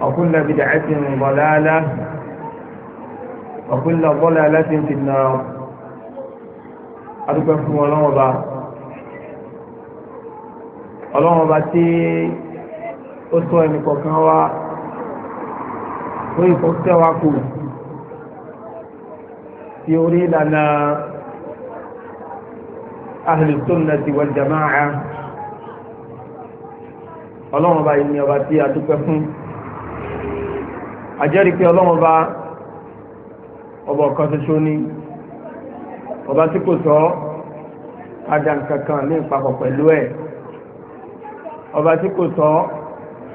وكل بدعة ضلالة وكل ضلالة في النار أدوك فهم الله أبا الله أبا تي أسوأ مكوكان و وي فوكتا واكو يريد أن أهل السنة والجماعة الله أبا إني أبا تي أدوك àjẹ́rìí pé ọlọ́run bá ọba ọ̀kan ṣoṣo ní ọba tí kò sọ kájà nǹkan kan ní ìpapọ̀ pẹ̀lú ẹ̀ ọba tí kò sọ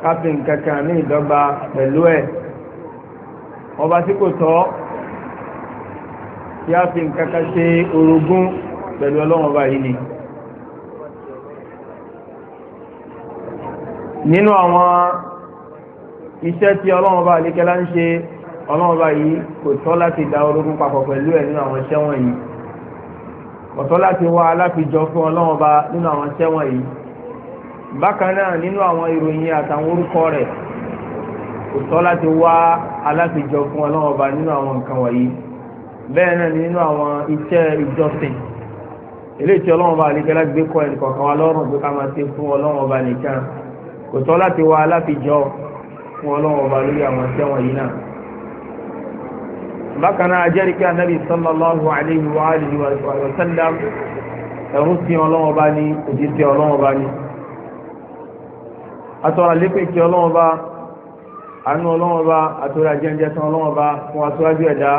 káfíń nǹkan kan ní ìdọ́gba pẹ̀lú ẹ̀ ọba tí kò sọ kí á fi nǹkan kan ṣe orogún pẹ̀lú ọlọ́run ọba yìí ni. nínú àwọn iṣẹ́ tí ọlọ́run bá àlékẹ́lá ń ṣe ọlọ́run bá yìí kò tọ́ láti da orogún papọ̀ pẹ̀lú ẹ̀ nínú àwọn iṣẹ́ wọ̀nyí kò tọ́ láti wá aláfijọ́ fún ọlọ́run bá nínú àwọn iṣẹ́ wọ̀nyí bákan náà nínú àwọn ìròyìn àtàwọn orúkọ rẹ̀ kò tọ́ láti wá aláfijọ́ fún ọlọ́run bá nínú àwọn nǹkan wọ̀nyí bẹ́ẹ̀ náà nínú àwọn iṣẹ́ ìjọsìn eléyìí tí ọlọ́run bá àlékẹ́lá gbé fún ọlọ́wọ́ ọba lórí àwọn tẹ́wọ̀n yìí náà. bákan náà ajẹ́rìí pé anabi sallallahu alayhi wa alihi wa sallam ẹ̀rú sí ọlọ́wọ́ ọba ní òjíṣẹ́ ọlọ́wọ́ ọba ní. atọ́ra lépè kí ọlọ́wọ́ ọba àánú ọlọ́wọ́ ọba àtọ́ra jẹ́njẹ́ tán ọlọ́wọ́ ọba fún aṣáájú ẹ̀dá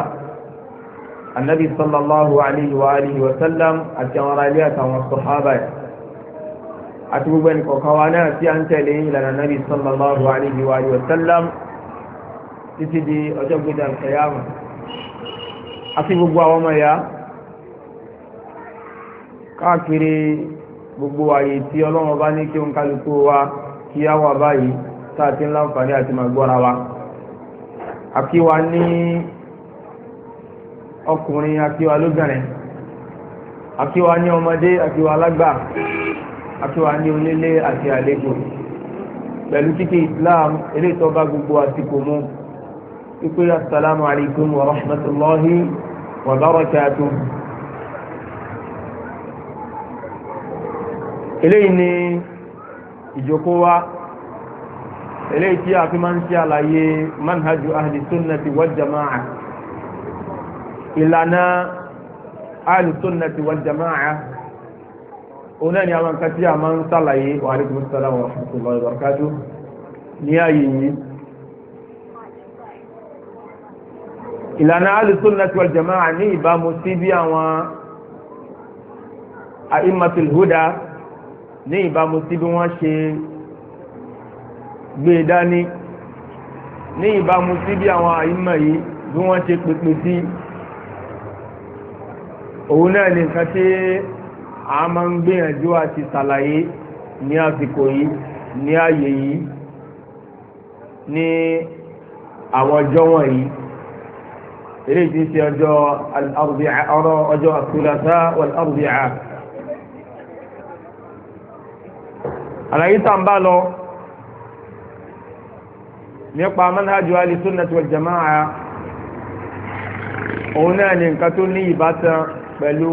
anabi sallallahu alayhi wa alihi wa sallam àti àwọn ará ilé àtàwọn sọ̀hábà yìí àti gbogbo ẹnì kọ̀ọ̀kan wa náà tí a ń tẹ̀lé ìlànà nàbì sallallahu alaihi wa sallam títí di ọjọ́ gbẹdẹ àkẹyàmù àti gbogbo àwọn ọmọ ya káàkiri gbogbo ààyè tí ọlọ́run bá ní kí n kálukú wa kí á wà báyìí tá a ti ń láǹfààní àti máa gbọ́ra wa àkíwa ní ọkùnrin àkíwa lóbìnrin àkíwa ní ọmọdé àkíwa lágbà àtúwà ní onílé àti àlejò pẹ̀lú kíkí islam eléyìí tó bá gbogbo àsìkò mu wípé asalaamu alaykum wa rahmatulahi wa barakatu. eléyìí ni ìjókòó wa eléyìí tí a fi máa ń ṣe àlàyé manhaju ahli sunnati wal jama'a ìlànà ahli sunnati wal jama'a òun náà ni àwọn nǹkan tí a máa ń sàlàyé wa alaikum salaam wa rahmatullahi wa barakatuh ní ààyè yìí ìlànà al-sunnah wal jama'ah ní ìbámu sí bí àwọn a'immatul huda ní ìbámu sí bí wọ́n ṣe gbé e dání ní ìbámu sí bí àwọn àìmọ̀ yìí bí wọ́n ṣe pèpè sí òun náà ni nǹkan tí a máa ń gbìyànjú àti ṣàlàyé ní àsìkò yìí ní ààyè yìí ní àwọn ọjọ́ wọ̀nyí eléyìí ti ṣe ọjọ́ al-arbi'a ọ̀rọ̀ ọjọ́ àtúnlásá wal-arbi'a. àlàyé tá n bá lọ nípa manhajú al-sunnah jamaa òun náà ní nǹkan tó ní ìbátan pẹ̀lú.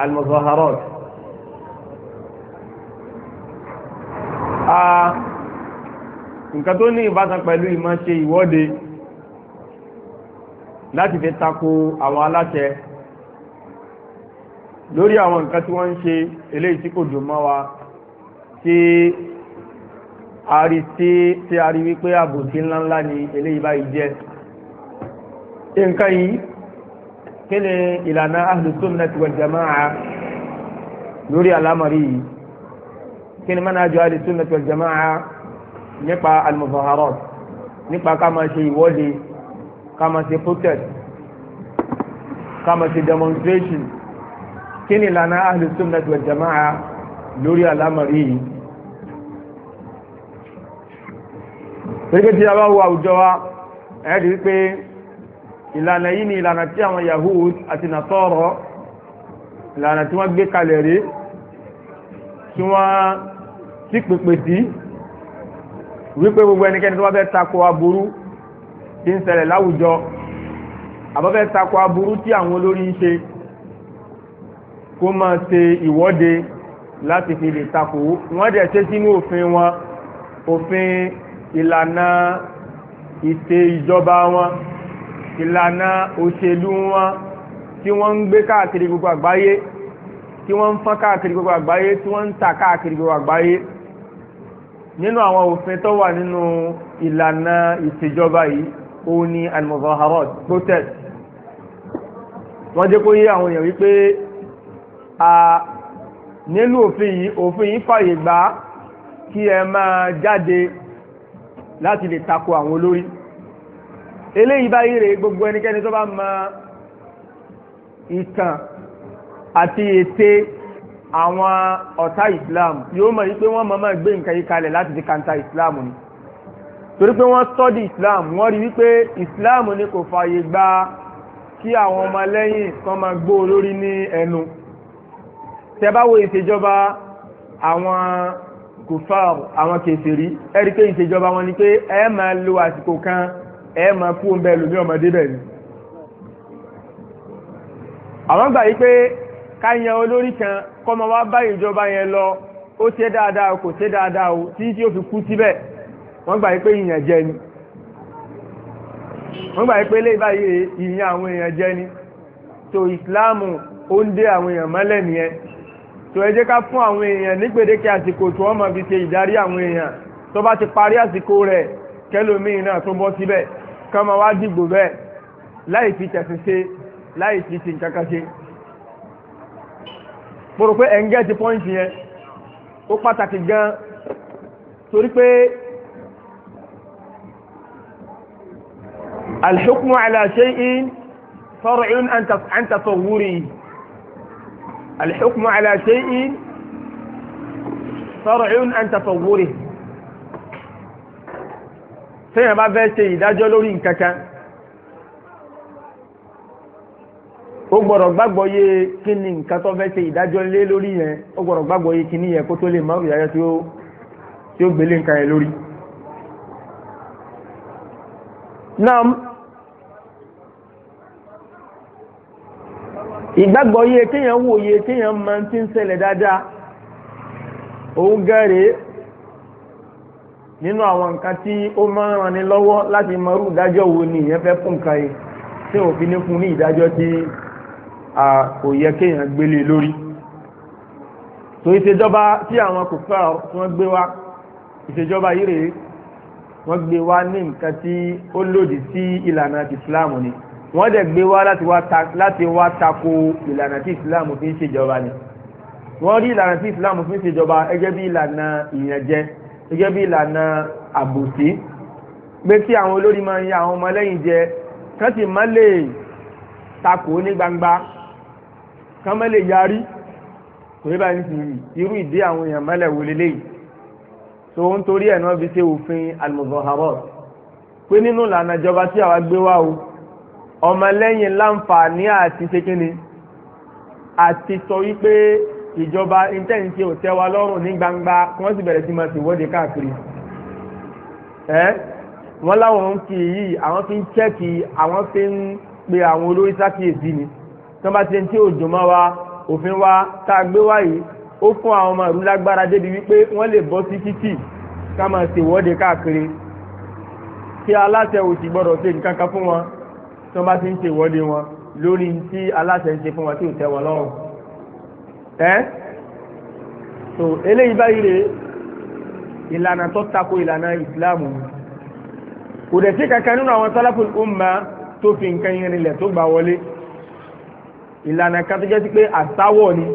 المظاهرات nǹkan tó ní ìbátan pẹ̀lú ìmọ̀ ṣe ìwọ́de láti fi tako àwọn aláṣẹ lórí àwọn nǹkan tí wọ́n ń ṣe ilé tí kò dùn mọ́ wa tí a rí tí a rí wípé àbòsí ńláńlá ni ilé báyìí jẹ́ nǹkan yìí kí ni ìlànà ahlus sunnati wal jama'a lórí àlámọ̀rí yìí kí ni manhaju ahlus sunnati wal jama'a nípa al-muzaharat nípa ká máa ṣe ìwọ́de ká máa ṣe protest ká máa ṣe demonstration kí ni ìlànà ahlus sunnati wal jama'a lórí àlámọ̀rí yìí. pẹ̀lú pé tí a bá wo àwùjọ wa ẹ̀ẹ́dì wípé ìlànà yìí ni ìlànà tí àwọn Yahud àti Nasara ìlànà tí wọ́n gbé kalẹ̀ rí tí wọ́n sì pèpè sí wípé gbogbo ẹnikẹ́ni tó bá fẹ́ takò aburú tí ń ṣẹlẹ̀ láwùjọ àbáfẹ́ takò aburú tí àwọn olórí ń ṣe kó máa ṣe ìwọ́de láti fi lè takò wọ́n dẹ̀ ṣe sínú òfin wọn òfin ìlànà ìṣe ìjọba wọn ìlànà òṣèlú wọn tí wọ́n ń gbé káàkiri gbogbo àgbáyé tí wọ́n ń fọ́n káàkiri gbogbo àgbáyé tí wọ́n ń tà káàkiri gbogbo àgbáyé nínú àwọn òfin tó wà nínú ìlànà ìṣèjọba yìí òun ni al-muzaharat protest wọ́n jẹ́ kó yé àwọn èèyàn wípé nínú òfin yìí òfin yìí fàyè gbà kí ẹ máa jáde láti lè tako àwọn olórí eléyìí báyìí rèé gbogbo ẹnikẹ́ni tó bá mọ ìtàn àti ète àwọn ọ̀tá Islam yóò mọ̀ yí pé wọ́n mọ̀ máa gbé nǹkan yìí kalẹ̀ láti fi kanta Islam ni torí pé wọ́n sọ́dí Islam wọ́n rí wípé Islam ni kò fààyè gba kí àwọn ọmọlẹ́yìn kan máa gbó olórí ní ẹnu tẹ́ bá wo ìṣèjọba àwọn kòfàr àwọn kèfèrí ẹ̀rí pé ìṣèjọba wọn ni pé ẹ máa lo àsìkò kan ẹ ma kú ọmọ ẹlòmí ọmọdé bẹ́ẹ̀ ni. àwọn gbà yí pé ká yan olórí kan kọ́mọ wá bá ìjọba yẹn lọ ó ṣe dáadáa kò ṣe dáadáa o tí tí ó fi kú síbẹ̀ wọ́n gbà yí pé ìyàn jẹ ni. wọ́n gbà yí pé lè báyìí ìyàn àwọn èèyàn jẹ ni. tó ìsìláàmù ó ń dé àwọn èèyàn mọ́lẹ̀ nìyẹn. tó ẹ jẹ́ ká fún àwọn èèyàn ní àsìkò tó wọ́n máa kẹlòmíì náà tó bọ́ síbẹ̀ kọ́mọ wá dìgbò bẹ́ẹ̀ láì fi tẹ̀sí ṣe láì fi ṣe nǹkan kan ṣe mo rò pé ẹ̀ ń gẹ́ẹ̀tì pọ́ǹtì yẹn ó pàtàkì gan torí pé alḥukmu ala shay'in far'un an tasawwuri alḥukmu ala shay'in far'un an tasawwuri téèyàn bá fẹ́ ṣe ìdájọ́ lórí nǹkan kan ó gbọ́dọ̀ gbàgbọ́ yé kí ni nǹkan tó fẹ́ ṣe ìdájọ́ lé lórí yẹn ó gbọ́dọ̀ gbàgbọ́ yé kí ni yẹn kó tó lè má ìdájọ́ tí ó gbélé nǹkan yẹn lórí. nam ìgbàgbọ́ yé kéèyàn wòye kéèyàn máa ti ń ṣẹlẹ̀ dáadáa òun gan nínú àwọn nǹkan tí ó máa ń lọ́wọ́ láti mọrú ìdájọ́ wo ni ìyẹn fẹ́ fún nǹkan yìí tí òfin ní fún ní ìdájọ́ tí kò yẹ kéèyàn gbélé lórí tó ìṣèjọba tí àwọn kò fẹ́ tí wọ́n gbé wá ìṣèjọba yìí rèé wọ́n gbé wá ní nǹkan tí ó lòdì sí ìlànà Islam ni wọ́n dẹ̀ gbé wá láti wá tako ìlànà tí Islam fi ń ṣèjọba ni wọ́n rí ìlànà tí Islam fi ń ṣèjọba gẹ́gẹ́ bí ìlànà ìyànjẹ gẹ́gẹ́ bí ìlànà àbòsí pé kí àwọn olórí máa ń ya àwọn ọmọlẹ́yìn jẹ kán sì má lè takò ní gbangba kán má lè yarí kò ní báyìí sì irú ìdí àwọn èèyàn mọ́lẹ̀ wò lélẹ́yìí so ń torí ẹ̀ náà fi ṣe òfin almuzaharat pé nínú ìlànà ìjọba tí àwa gbé wá o ọmọlẹ́yìn láǹfààní àti ṣe kínni àti sọ wípé ìjọba intẹ́ǹtì ò tẹ́wa lọ́rùn ní gbangba kí wọ́n sì bẹ̀rẹ̀ sí máa ṣèwọ́de káàkiri ẹ́ wọ́n láwọn ń kì í yìí àwọn fi ń chẹ́kì àwọn fi ń pe àwọn olórí sákìyèsí ni tí wọ́n bá ti ń tí òjò mọ́ wa òfin wa tá a gbé wá yìí ó fún àwọn ọmọ ìlú lágbára débi wípé wọ́n lè bọ́ sí títì ká máa ṣèwọ́de káàkiri tí aláṣẹ ò sì gbọ́dọ̀ ṣe nǹkan kan fún wọn tí wọ́n bá ti ń ṣèwọ́de wọn lórí tí aláṣẹ ń ṣe fún wọn tí ò tẹ́ wọn lọ́rùn ẹ́ eh? so eléyìí báyìí rè ìlànà tó tako ìlànà ìsìláàmù kò dẹ̀ sí kankan nínú àwọn sálàfù umma tó fi nǹkan yẹn rinlẹ̀ tó gbà wọlé ìlànà kan tó jẹ́ sí pé àsáwọ̀ ni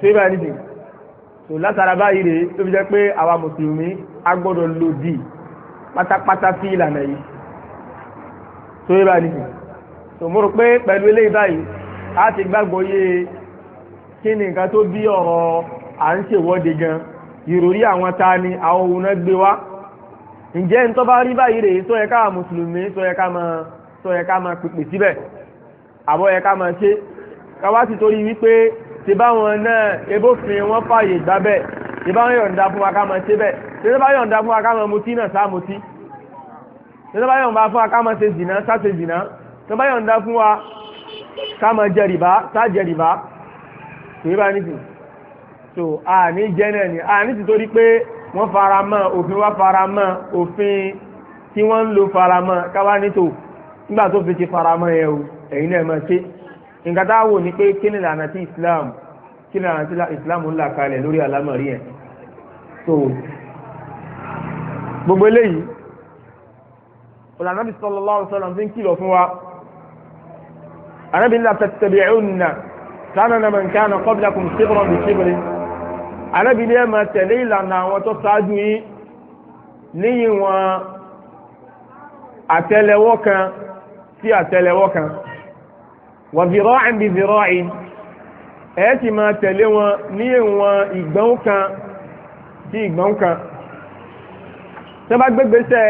ṣé bá níbi so látara báyìí rè tó fi jẹ́ pé àwa mùsùlùmí a gbọ́dọ̀ lòdì pátápátá sí ìlànà yìí ṣé bá níbi so mo rò pé pẹ̀lú eléyìí báyìí a ti gbàgbọ́ yé kí ni nǹkan tó bí ọ̀rọ̀ à ń ṣèwọ́de gan ìròrí àwọn ta ni àwọn òun náà gbé wá ǹjẹ́ ń tó bá rí báyìí rèé tó yẹ ká mùsùlùmí tó yẹ ká máa tó yẹ ká máa pèpè síbẹ̀ àbọ̀ yẹ ká máa ṣe káwá sì torí wípé ti báwọn náà ebófin wọn fààyè gbà bẹ́ẹ̀ ti báwọn yọ̀ǹda fún wa ká máa ṣe bẹ́ẹ̀ ti tó yọ̀ǹda fún wa ká máa mutí náà sá ti tó yọ̀ǹda fún wa ká máa ṣe zìnà sá zìnà ti tó yọ̀ǹda fún wa ká máa jẹ rìbá sá kì í so àní jẹ́ náà ni àní ti torí pé wọ́n fara mọ́ òfin wá fara mọ́ òfin tí wọ́n ń lo fara mọ́ káwá nítò nígbà tó fi ti fara mọ́ yẹn o ẹ̀yin náà máa ṣe nǹkan tá a wò ní pé kí ni lànà tí Islam kí ni lànà tí Islam ń là kalẹ̀ lórí àlámọ̀rí yẹn so gbogbo eléyìí ọ̀làǹdàbí sallallahu alaihi wasallam fi ń kìlọ̀ fún wa ànábì ńlá tẹ̀tẹ̀bẹ̀ ẹ̀ ń sanana man kana qablakum sibran bi sibrin alábìlẹ ẹ máa tẹ̀lé ìlànà àwọn tó ṣáájú yín níyìn atele àtẹ́lẹwọ́ kan sí àtẹ́lẹwọ́ kan wa zira'in bi zira'in ẹ sì máa tẹ̀lé wọn níyìn wọn ìgbọ̀n kan sí ìgbọ̀n kan tó bá gbégbèsè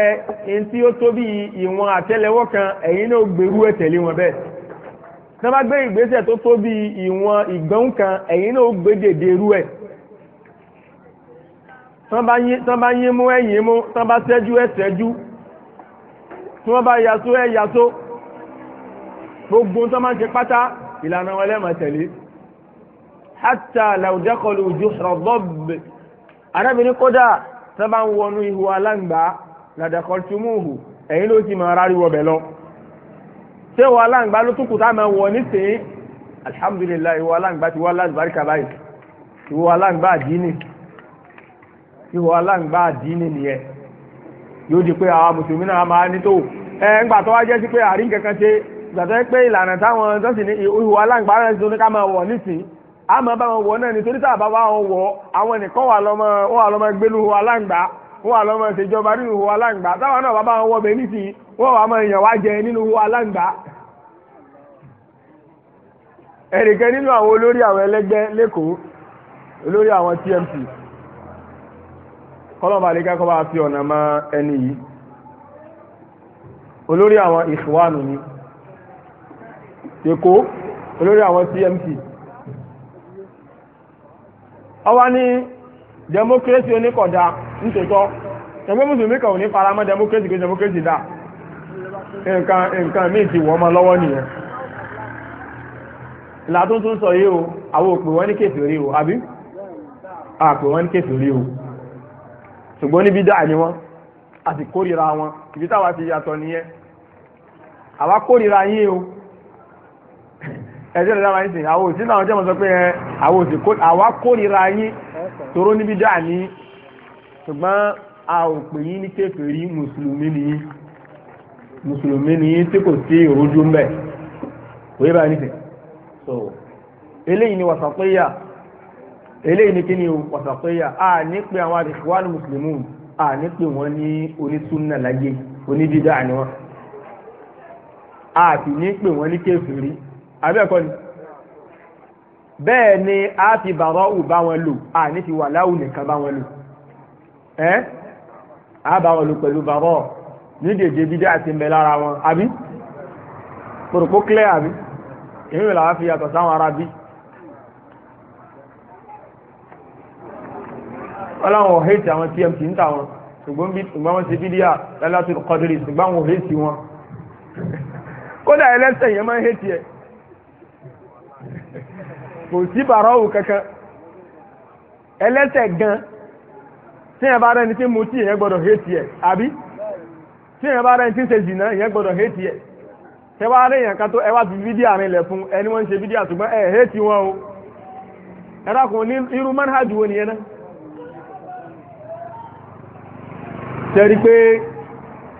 ẹni tí ó tó bí ìwọn kan ẹ̀yin náà gbèrú ẹ tẹ̀lé wọn bẹ́ẹ̀ tí wọ́n bá gbé ìgbésẹ̀ tó tó bí ìwọ̀n ìgbọ́n kan ẹ̀yin náà ó gbé dèdè irú ẹ̀ tí wọ́n bá yín mú ẹ̀yìn mú tí wọ́n bá ṣẹ́jú ẹ̀ ṣẹ́jú tí wọ́n bá yasó ẹ̀ yasó gbogbo tí wọ́n máa ń ṣe pátá ìlànà wọn lẹ́mọ̀ tẹ̀lé hátà làwùjẹ́kọ̀lù ojú ṣọ̀bọ̀b arábìnrin kódà tí wọ́n bá ń wọnú ihò aláǹgbá làdàkọ̀tùmùhù ṣé wọ aláǹgbá ló tún kù tá a máa wọ nísìnyí alihamudulilayi ìwọ aláǹgbá ti wọ aláǹbáríkà báyìí ìwọ aláǹgbá àdínì ìwọ aláǹgbá àdínì nìyẹn yóò di pé àwọn mùsùlùmí náà máa ní tó ẹ ńgbà tó wá jẹ́ sí pé àrí kankan ṣe gbàtọ́ pé ìlànà táwọn tó sì ní ìwọ aláǹgbá rẹ̀ ṣe ní ká máa wọ̀ nísìnyí a máa bá wọn wọ̀ náà nítorí tá a wọn wọ̀ àwọn nìkan wà lọ́mọ wà lọ́mọ gbélú aláǹgbá wà lọ́mọ ṣèjọba nínú aláǹgbá táwọn náà bá bá wọn wọ̀ bẹ́ẹ̀ nísìnyí wọ́n wàá máa yàn wá jẹ nínú aláǹgbá ẹnìkan nínú àwọn olórí àwọn ẹlẹ́gbẹ́ lẹ́kọ̀ọ́ olórí àwọn TMC kọ́lọ́mà lè kẹ́kọ̀ọ́ bá fi ọ̀nà mọ́ ẹni yìí olórí àwọn ìṣùwánù ni èkó olórí àwọn TMC ọwá ní democracy oníkọ̀dá ń tètọ́ ẹgbẹ́ mùsùlùmí kan ò ní faramọ́ democracy kí democracy dáa nǹkan nǹkan míì ti wọ́n ọmọ lọ́wọ́ nìyẹn ìlàtúntún sọ yìí o àwọn òpè wọn ní kèfèrí o àbí àpè wọn ní kèfèrí o ṣùgbọ́n níbi dáa ni wọ́n a sì kórìíra wọn ibi táwa ti yàtọ̀ nìyẹn àwa kórìíra yín o ẹ̀jẹ̀ lọ́dọ̀ máa sìn àwọn òsì náà jẹ́mọ̀ sọ pé àwọn òsì àwa yín tòró níbi dáa ni ṣùgbọ́n a ò pè yín ní mùsùlùmí ni tí kò sí ìrújú ń bẹ kò yé báyìí nìsín so eléyìí ni wàsàpéyà eléyìí ni kíni wàsàpéyà a ní pé àwọn àdìsíwáàlù mùsùlùmí a ní pé wọn ní onísúnà láyé onídídá ni wọn a sì ní pé wọn ní kéfìrí abẹ́ẹ̀kọ́ ni bẹ́ẹ̀ ni a ti bàrọ̀ ù bá wọn lò a ní ti wà láwù nìkan bá wọn lò ẹ́ a bá wọn lò pẹ̀lú bàrọ̀ ù ní dèdè bí dá àti mbẹ lára wọn àbí pòròpó clear àbí èmi ò làá fi yàtọ̀ sáwọn ará bí. wọ́n láwọn ò hẹ́ẹ̀tì àwọn tmt ń tà wọn ṣùgbọ́n bí ṣùgbọ́n wọ́n ṣe bídíà lálátùn kọ́dírì ṣùgbọ́n àwọn ò hẹ́ẹ̀tì wọn kódà ẹlẹ́sẹ̀ yẹn máa ń hẹ́ẹ̀tì ẹ̀ kò sí bàrọ́wù kankan ẹlẹ́sẹ̀ gan tí ẹ bá rẹni tí mo tì yẹn gbọ́dọ̀ hẹ́ẹ̀tì ẹ̀ àbí. tí èèyàn bá rẹ̀ ti ń ṣe zìnà ìyẹn gbọ́dọ̀ hétí ẹ̀ tẹ wá rí kan tó ẹwà wá fi fídíò àárín ilẹ̀ fún ẹni wọ́n ń ṣe fídíò ṣùgbọ́n ẹ hétí wọn o ẹ ní irú manhaj wo nìyẹn náà. tẹ́rí pé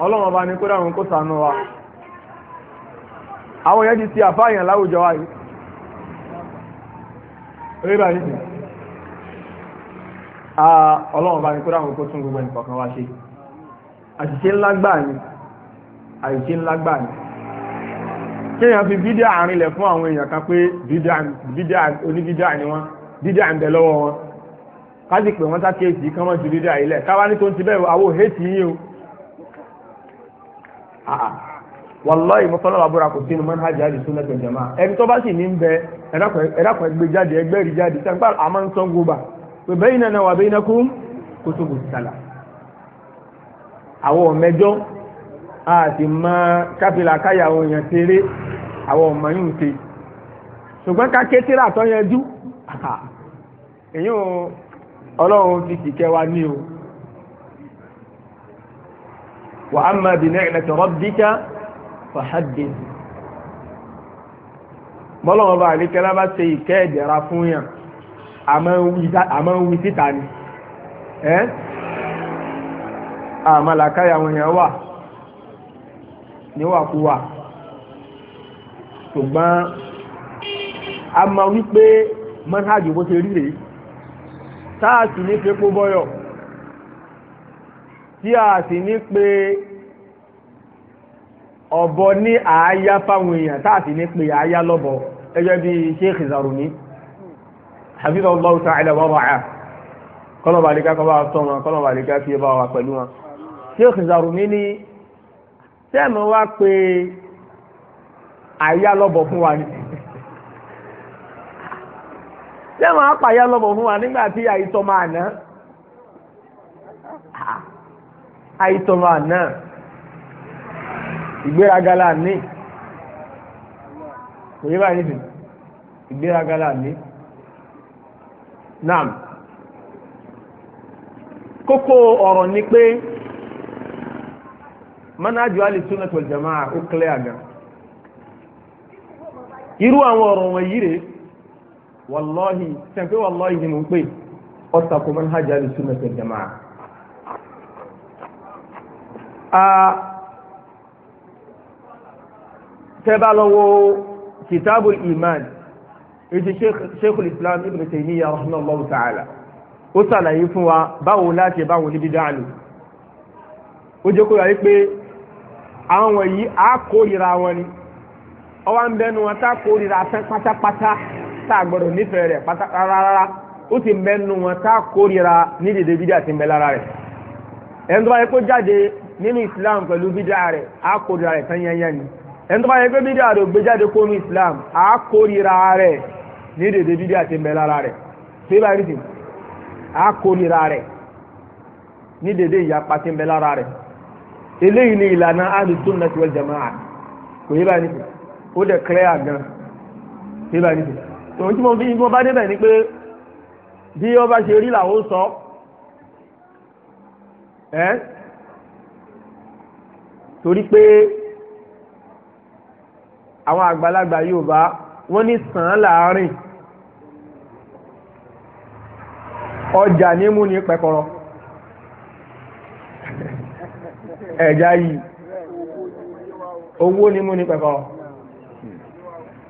ọlọ́run ọba kó dáhùn kó sànú wa àwọn ti ti àfáàyàn láwùjọ wa yìí ah, kó dáhùn tún gbogbo àṣìṣe ńlá gbà ni àṣìṣe ńlá gbà ni kéèyàn fi bídíà àrinlẹ̀ fún àwọn èèyàn kan pé bídíà oníbídíà ni wọ́n bídíà ń bẹ lọ́wọ́ wọn kájí pé wọ́n sákèèsì kán mọ̀ ju bídíà yìí lẹ̀ káwá ní tó ń ti bẹ́ẹ̀ àwọ̀ hẹ́ẹ̀tì yìí o wàláyé mọ́tọ́lá wà búra kò sínú manhaj àdì súnlẹ̀ tó jẹ̀má ẹni tó bá sì ní bẹ ẹ̀dàkọ̀ ẹgbẹ́ jáde ẹgbẹ́ rí jáde sẹ́ńpá àmọ́ ń sọ́ngbó bá pé bẹ́yìn náà wà bẹ́yìn náà kú kó tó bù sálà àwọn ọ̀mẹ́jọ́ a sì mọ káfílà káyà òyìn tèrè àwọn ọmọ yìí ń ṣe ṣùgbọ́n ká kékeré àtọ́ yanjú èyí ò ọlọ́run ti kìkẹ́ wa ní o wà á máa bì náà ẹ̀lẹ́tọ̀ rọ́bìkà fàhádé bọ́lọ́wọ́ bá àlékẹ́lá bá ṣe ìkẹ́ ẹ̀dẹ̀ra fún yàn àmọ́ wí síta ni àmàlàkáyà àwọn èèyàn wà níwàkúwà ṣùgbọ́n a ma wípé manhajì bó ṣe rí rèé táàsì ní pé pó bọ́yọ̀ tí a sì ní pé ọ̀bọ ní àáyá fáwọn èèyàn táàsì ní pé àáyá lọ́bọ̀ ẹjọ́ bí Sheikh Zaruni hafizahu Allahu ta'ala wa ra'a kọ́lọ̀bà lè ká kọ́ fi bá wa pẹ̀lú wọn sheikh zarumi ni sẹ́ẹ̀mù wá pé àyà lọ́bọ̀ fún wa ni sẹ́ẹ̀mù wá pàyà lọ́bọ̀ fún wa nígbà tí àìsàn máa ná àìsàn máa ná ìgbéraga là ní kò yé báyìí nìyí ìgbéraga là ní kókó ọ̀rọ̀ ni pé. manhaju ali sunnah wal jamaa ó kílẹ̀ àga irú àwọn ọ̀rọ̀ wọ̀nyí rèé wàlọ́hì sẹ́ńpẹ́ wàlọ́hì ni mo ń pè ọ̀tàkùn manhaju ali sunnah wal jamaa tẹ́bá lọ́wọ́ kìtàbù iman ètò sheikh islam ibn taymiyyah rahimahullahu ta'ala ó sàlàyé fún wa báwo láti báwo níbi dáàlú ó jẹ́ kó yàrí pé àwọn wọ̀nyí á kórìíra wọn ni ọwọ́ ń bẹnu wọn tá pátápátá tá a gbọ́dọ̀ nífẹ̀ẹ́ rẹ̀ pátá ó ti bẹnu wọn tá kórìíra ní dèdè bídíà ti ń bẹ ẹni tó bá yẹ kó jáde nínú Islam pẹ̀lú bídíà rẹ̀ á tán yányá ni ẹni tó bá yẹ kó gbé jáde kó nu Islam á ní dèdè ti ń bẹ á eléyìí ni ìlànà alùsùnà wal jama'a kò yé báyìí nìkan ó dẹ̀ kẹ́rẹ́ àgàn yé báyìí nìkan tòun tí mo fi mo bá débẹ̀ ni pé bí ó bá ṣe rí làwọn sọ ẹ́ torí pé àwọn àgbàlagbà Yorùbá wọ́n ní sàn án láàárín ọjà ní mú ní pẹ̀kọ̀rọ̀. ẹ̀já yìí owó ni mú ní pẹ̀kọ́rọ́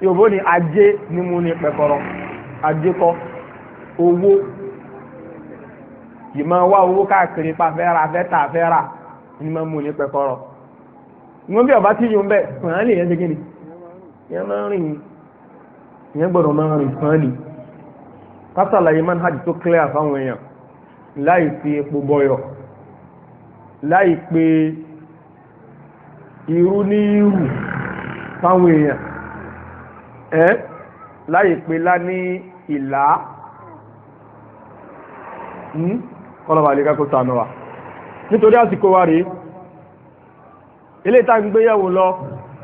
yòòbó ni ajé ni mú ní pẹ̀kọ́rọ́ ajé kọ́ owó yìí máa wá owó káàkiri pa fẹ́ ra fẹ́ fẹ́ ni máa mú ní pẹ̀kọ́rọ́ wọn bí ọba tí yóò ń bẹ yẹn kí ni yẹn máa ń rìn yẹn máa rìn láì pé irú ní irú fáwọn èèyàn ẹ́ láì pé lá ní ìlà hmm? kọ́lọ́bà lè kẹ́kọ̀ọ́ sànù wa nítorí àsìkò wa rèé ilé ìta gbéyàwó lọ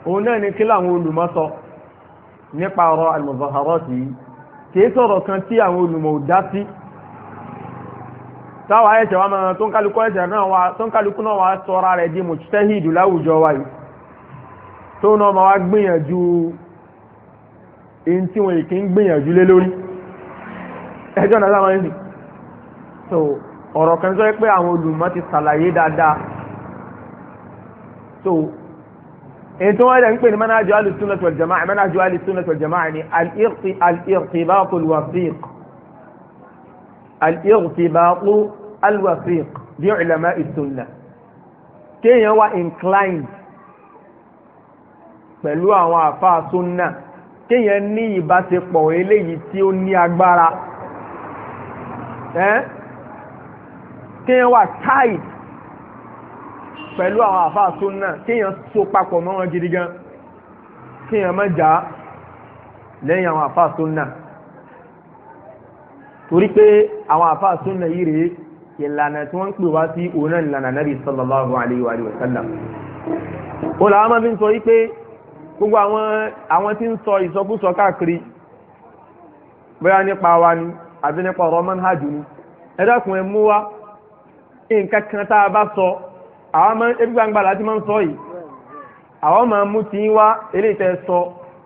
òun náà ni kí làwọn olùmọ̀ nípa ọ̀rọ̀ al-muzaharat yìí kì sọ̀rọ̀ kan tí àwọn olùmọ̀ ò dá sí táwa ẹ̀ṣẹ̀ wa máa tó ń kálukú ẹ̀ṣẹ̀ náà wa tó ń kálukú náà wa sọra rẹ̀ di mùtẹ́hìdù láwùjọ wa yìí tó náà máa wá gbìyànjú eyín tí wọn kì í gbìyànjú lé lórí ẹjọ́ náà sáwọn ẹ̀sìn so ọ̀rọ̀ kan sọ pé àwọn olùmọ̀ ti ṣàlàyé dáadáa so èyí tó wọ́n dẹ̀ ń pè ní manhaj al-sunnah wal jamaa'ah manhaj al-sunnah wal jamaa'ah ni al-irtibat al al-irtibatu al-wafiq bí ulama as-sunnah kéèyàn inclined pẹ̀lú àwọn àfáà súnnà kéèyàn ní ìbáṣepọ̀ eléyìí tí ó ní agbára kéèyàn wà tight pẹ̀lú àwọn àfáà súnnà kéèyàn so papọ̀ mọ́ wọn gidi gan kéèyàn má lẹ́yìn àwọn àfáà súnnà torí pé àwọn àfáà súnà yìí rèé ìlànà tí wọ́n ń pè wá sí òun náà ìlànà nàbì sallallahu alayhi wa sallam. olùwà máa fi ń sọ yìí pé gbogbo àwọn àwọn tí ń sọ ìsọkúsọ káàkiri bóyá nípa wa ni àbí nípa ọ̀rọ̀ manhajù ni ẹ dákun ẹ mú wa nǹkan kan tá a bá sọ àwọn máa ebi gbangba láti máa ń sọ yìí àwọn máa mú tí wá eléyìí tẹ sọ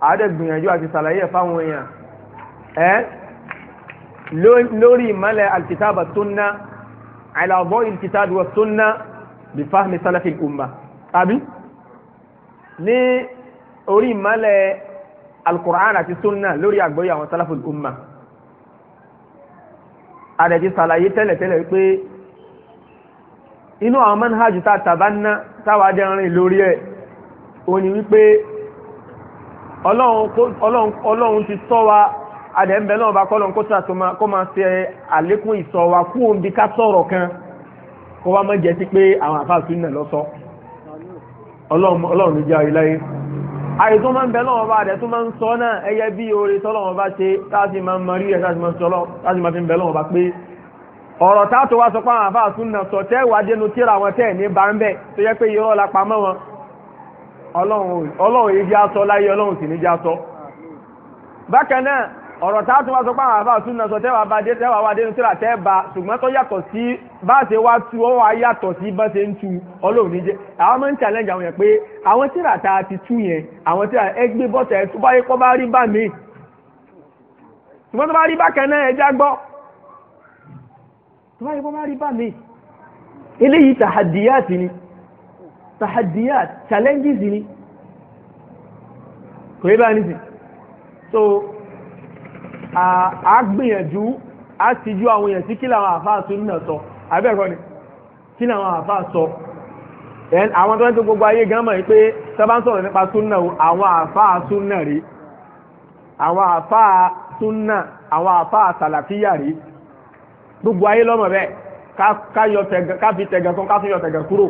àádẹ́gbìyànjú àti sàlàyé ẹ̀ fáwọn èèyàn ẹ́ lórí ìmọ̀lẹ̀ alkitaba sunna àìlàbọ̀ alkitaba wa sunna bí fahmi salafi umma tàbí ní orí ìmọ̀lẹ̀ alkur'an àti sunna lórí àgbọ́yé àwọn salafi umma àdẹ̀tí sàlàyé tẹ́lẹ̀tẹ́lẹ̀ pé inú àwọn manhajù tá tàbánná táwàá jẹ́ rìn lórí ẹ̀ òní wípé ọlọ́run ti tọ́ adẹ̀ ń bẹ náà bá kọ́lọ̀ kó sà kó máa ṣe àlékún ìsọ̀ wa kú òǹbi ká sọ̀rọ̀ kan kó wá máa jẹ́ sí pé àwọn àfa àtúnyìn náà lọ́sọ ọlọ́run ló jẹ́ ayé láyé àyè tó máa ń bẹ náà bá adẹ̀ tó máa ń sọ náà ẹyẹ bí oore tọ́lọ́wọ́n bá ṣe táàsì máa ń mọ rí ẹ̀ táàsì máa ń sọ táàsì máa fi ń bẹ náà bá pé ọ̀rọ̀ tá a tó wá sọ pé àwọn àfa àtúnyìn sọ tẹ́ wàá dénú tíra wọn tẹ́ ní bá ń bẹ̀ tó yẹ pé irọ́ la pamọ́ wọn ọlọ́run yìí jẹ́ aṣọ láyé ọlọ́run sì ní jẹ́ bákan náà ọ̀rọ̀ tá a tún wá sọ pé àwọn àbá àtúnná sọ tẹ́wàá bá dé tẹ́wàá wá dé ní tíra tẹ́ bá ṣùgbọ́n tó yàtọ̀ sí bá a ṣe wá tu ó wá yàtọ̀ sí bá ṣe ń tu ọlọ́run níjẹ́ àwọn máa ń challenge àwọn yẹn pé àwọn tíra tá a ti tú yẹn àwọn tíra ẹ gbé bọ́tà ẹ tó bá yẹ kó bá rí bá mi ṣùgbọ́n tó bá rí bákan náà ẹ já gbọ́ tó bá yẹ kó bá rí bá mi eléyìí tàhàdíyàtì ni tàhàdíyàtì challenges ni kò yẹ bá ní sìn so a gbìyànjú a ti ju àwọn èèyàn sí kí làwọn àfáà tún náà sọ abẹ́ẹ̀kọ́ ni kí làwọn àfáà sọ ẹn àwọn tó ń tó gbogbo ayé gan mọ̀ pé sábà ń sọ̀rọ̀ nípa súnà o àwọn àfáà súnà rí àwọn àfáà súnà àwọn àfáà sàlàfíà rí gbogbo ayé lọ́mọ̀ bẹ́ẹ̀ ká fi tẹ̀gẹ̀ kan ká fi yọ tẹ̀gẹ̀ kúrò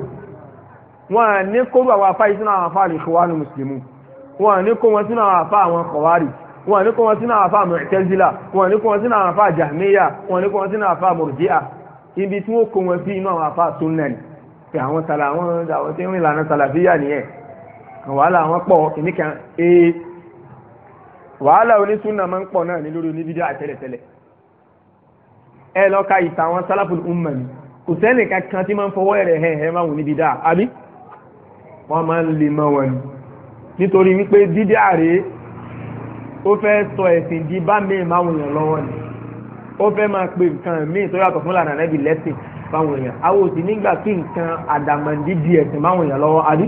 wọn ní kóró àwọn àfáà yìí sínú àwọn àfáà lè ṣọwá ní mùsùlùmí wọn ní kó wọn sínú àwọn àfáà àwọn kọ̀wárì wọn ní kó wọn sínú àwọn afá mu'tazila wọn ní kó wọn sínú àwọn afá jahmiya wọn ní kó wọn sínú àwọn afá murji'a ibi tí wọn kó wọn sí inú àwọn afá sunna ni pé àwọn sàlà àwọn àwọn tí ń rìn lànà sàlàfíà nìyẹn wàhálà àwọn pọ̀ kìnnìkan ee wàhálà onísúnà máa ń pọ̀ náà ní lórí oníbídíà àtẹ́lẹ̀tẹ́lẹ̀ ẹ lọ ka ìta àwọn sálàfùl umma ni kò sẹ́ni kankan tí máa ń fọwọ́ rẹ̀ hẹ́ hẹ́ máa wù níbi dáa àbí wọ́n máa ń lè mọ́ wọn ni nítorí wípé dídí àárẹ̀ ó fẹ́ sọ ẹ̀sìn di bá mi máwọn èèyàn lọ́wọ́ ni ó fẹ́ máa pe nǹkan míì tó yàtọ̀ fún lànà nẹ́bí lẹ́sìn fáwọn èèyàn àwọn òsì nígbà kí nǹkan àdàmọ̀dì di ẹ̀sìn máwọn èèyàn lọ́wọ́ àbí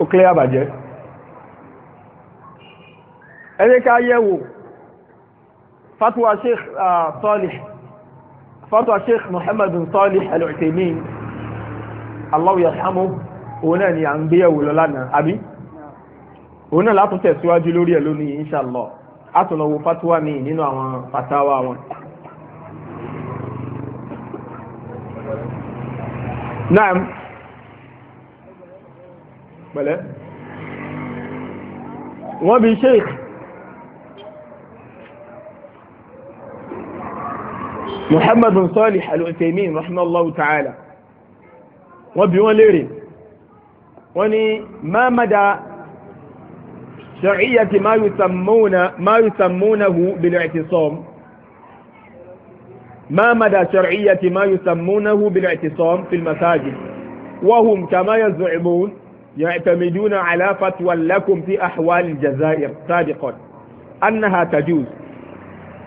ó kílẹ̀ àbàjẹ́ ẹ jẹ́ ká yẹ̀ wò fatwa sheikh Salih fatwa sheikh Muhammad Salih Al-Uthaymeen Allahu yarhamuhu òun náà ni à ń gbéyẹ̀wò lọ lánàá àbí òun náà látún tẹ̀síwájú lórí ẹ̀ lónìí inshallah àtúnlọ́wọ́ fatuwa mi nínú àwọn fatawa wọn. naam pẹ̀lẹ́ wọ́n bí sheikh muhammad bin salih al-utaymin rahimahullahu ta'ala wọ́n bí wọ́n léèrè wọ́n ní mamada شرعية ما يسمون ما يسمونه بالاعتصام ما مدى شرعية ما يسمونه بالاعتصام في المساجد وهم كما يزعمون يعتمدون على فتوى لكم في أحوال الجزائر سابقا أنها تجوز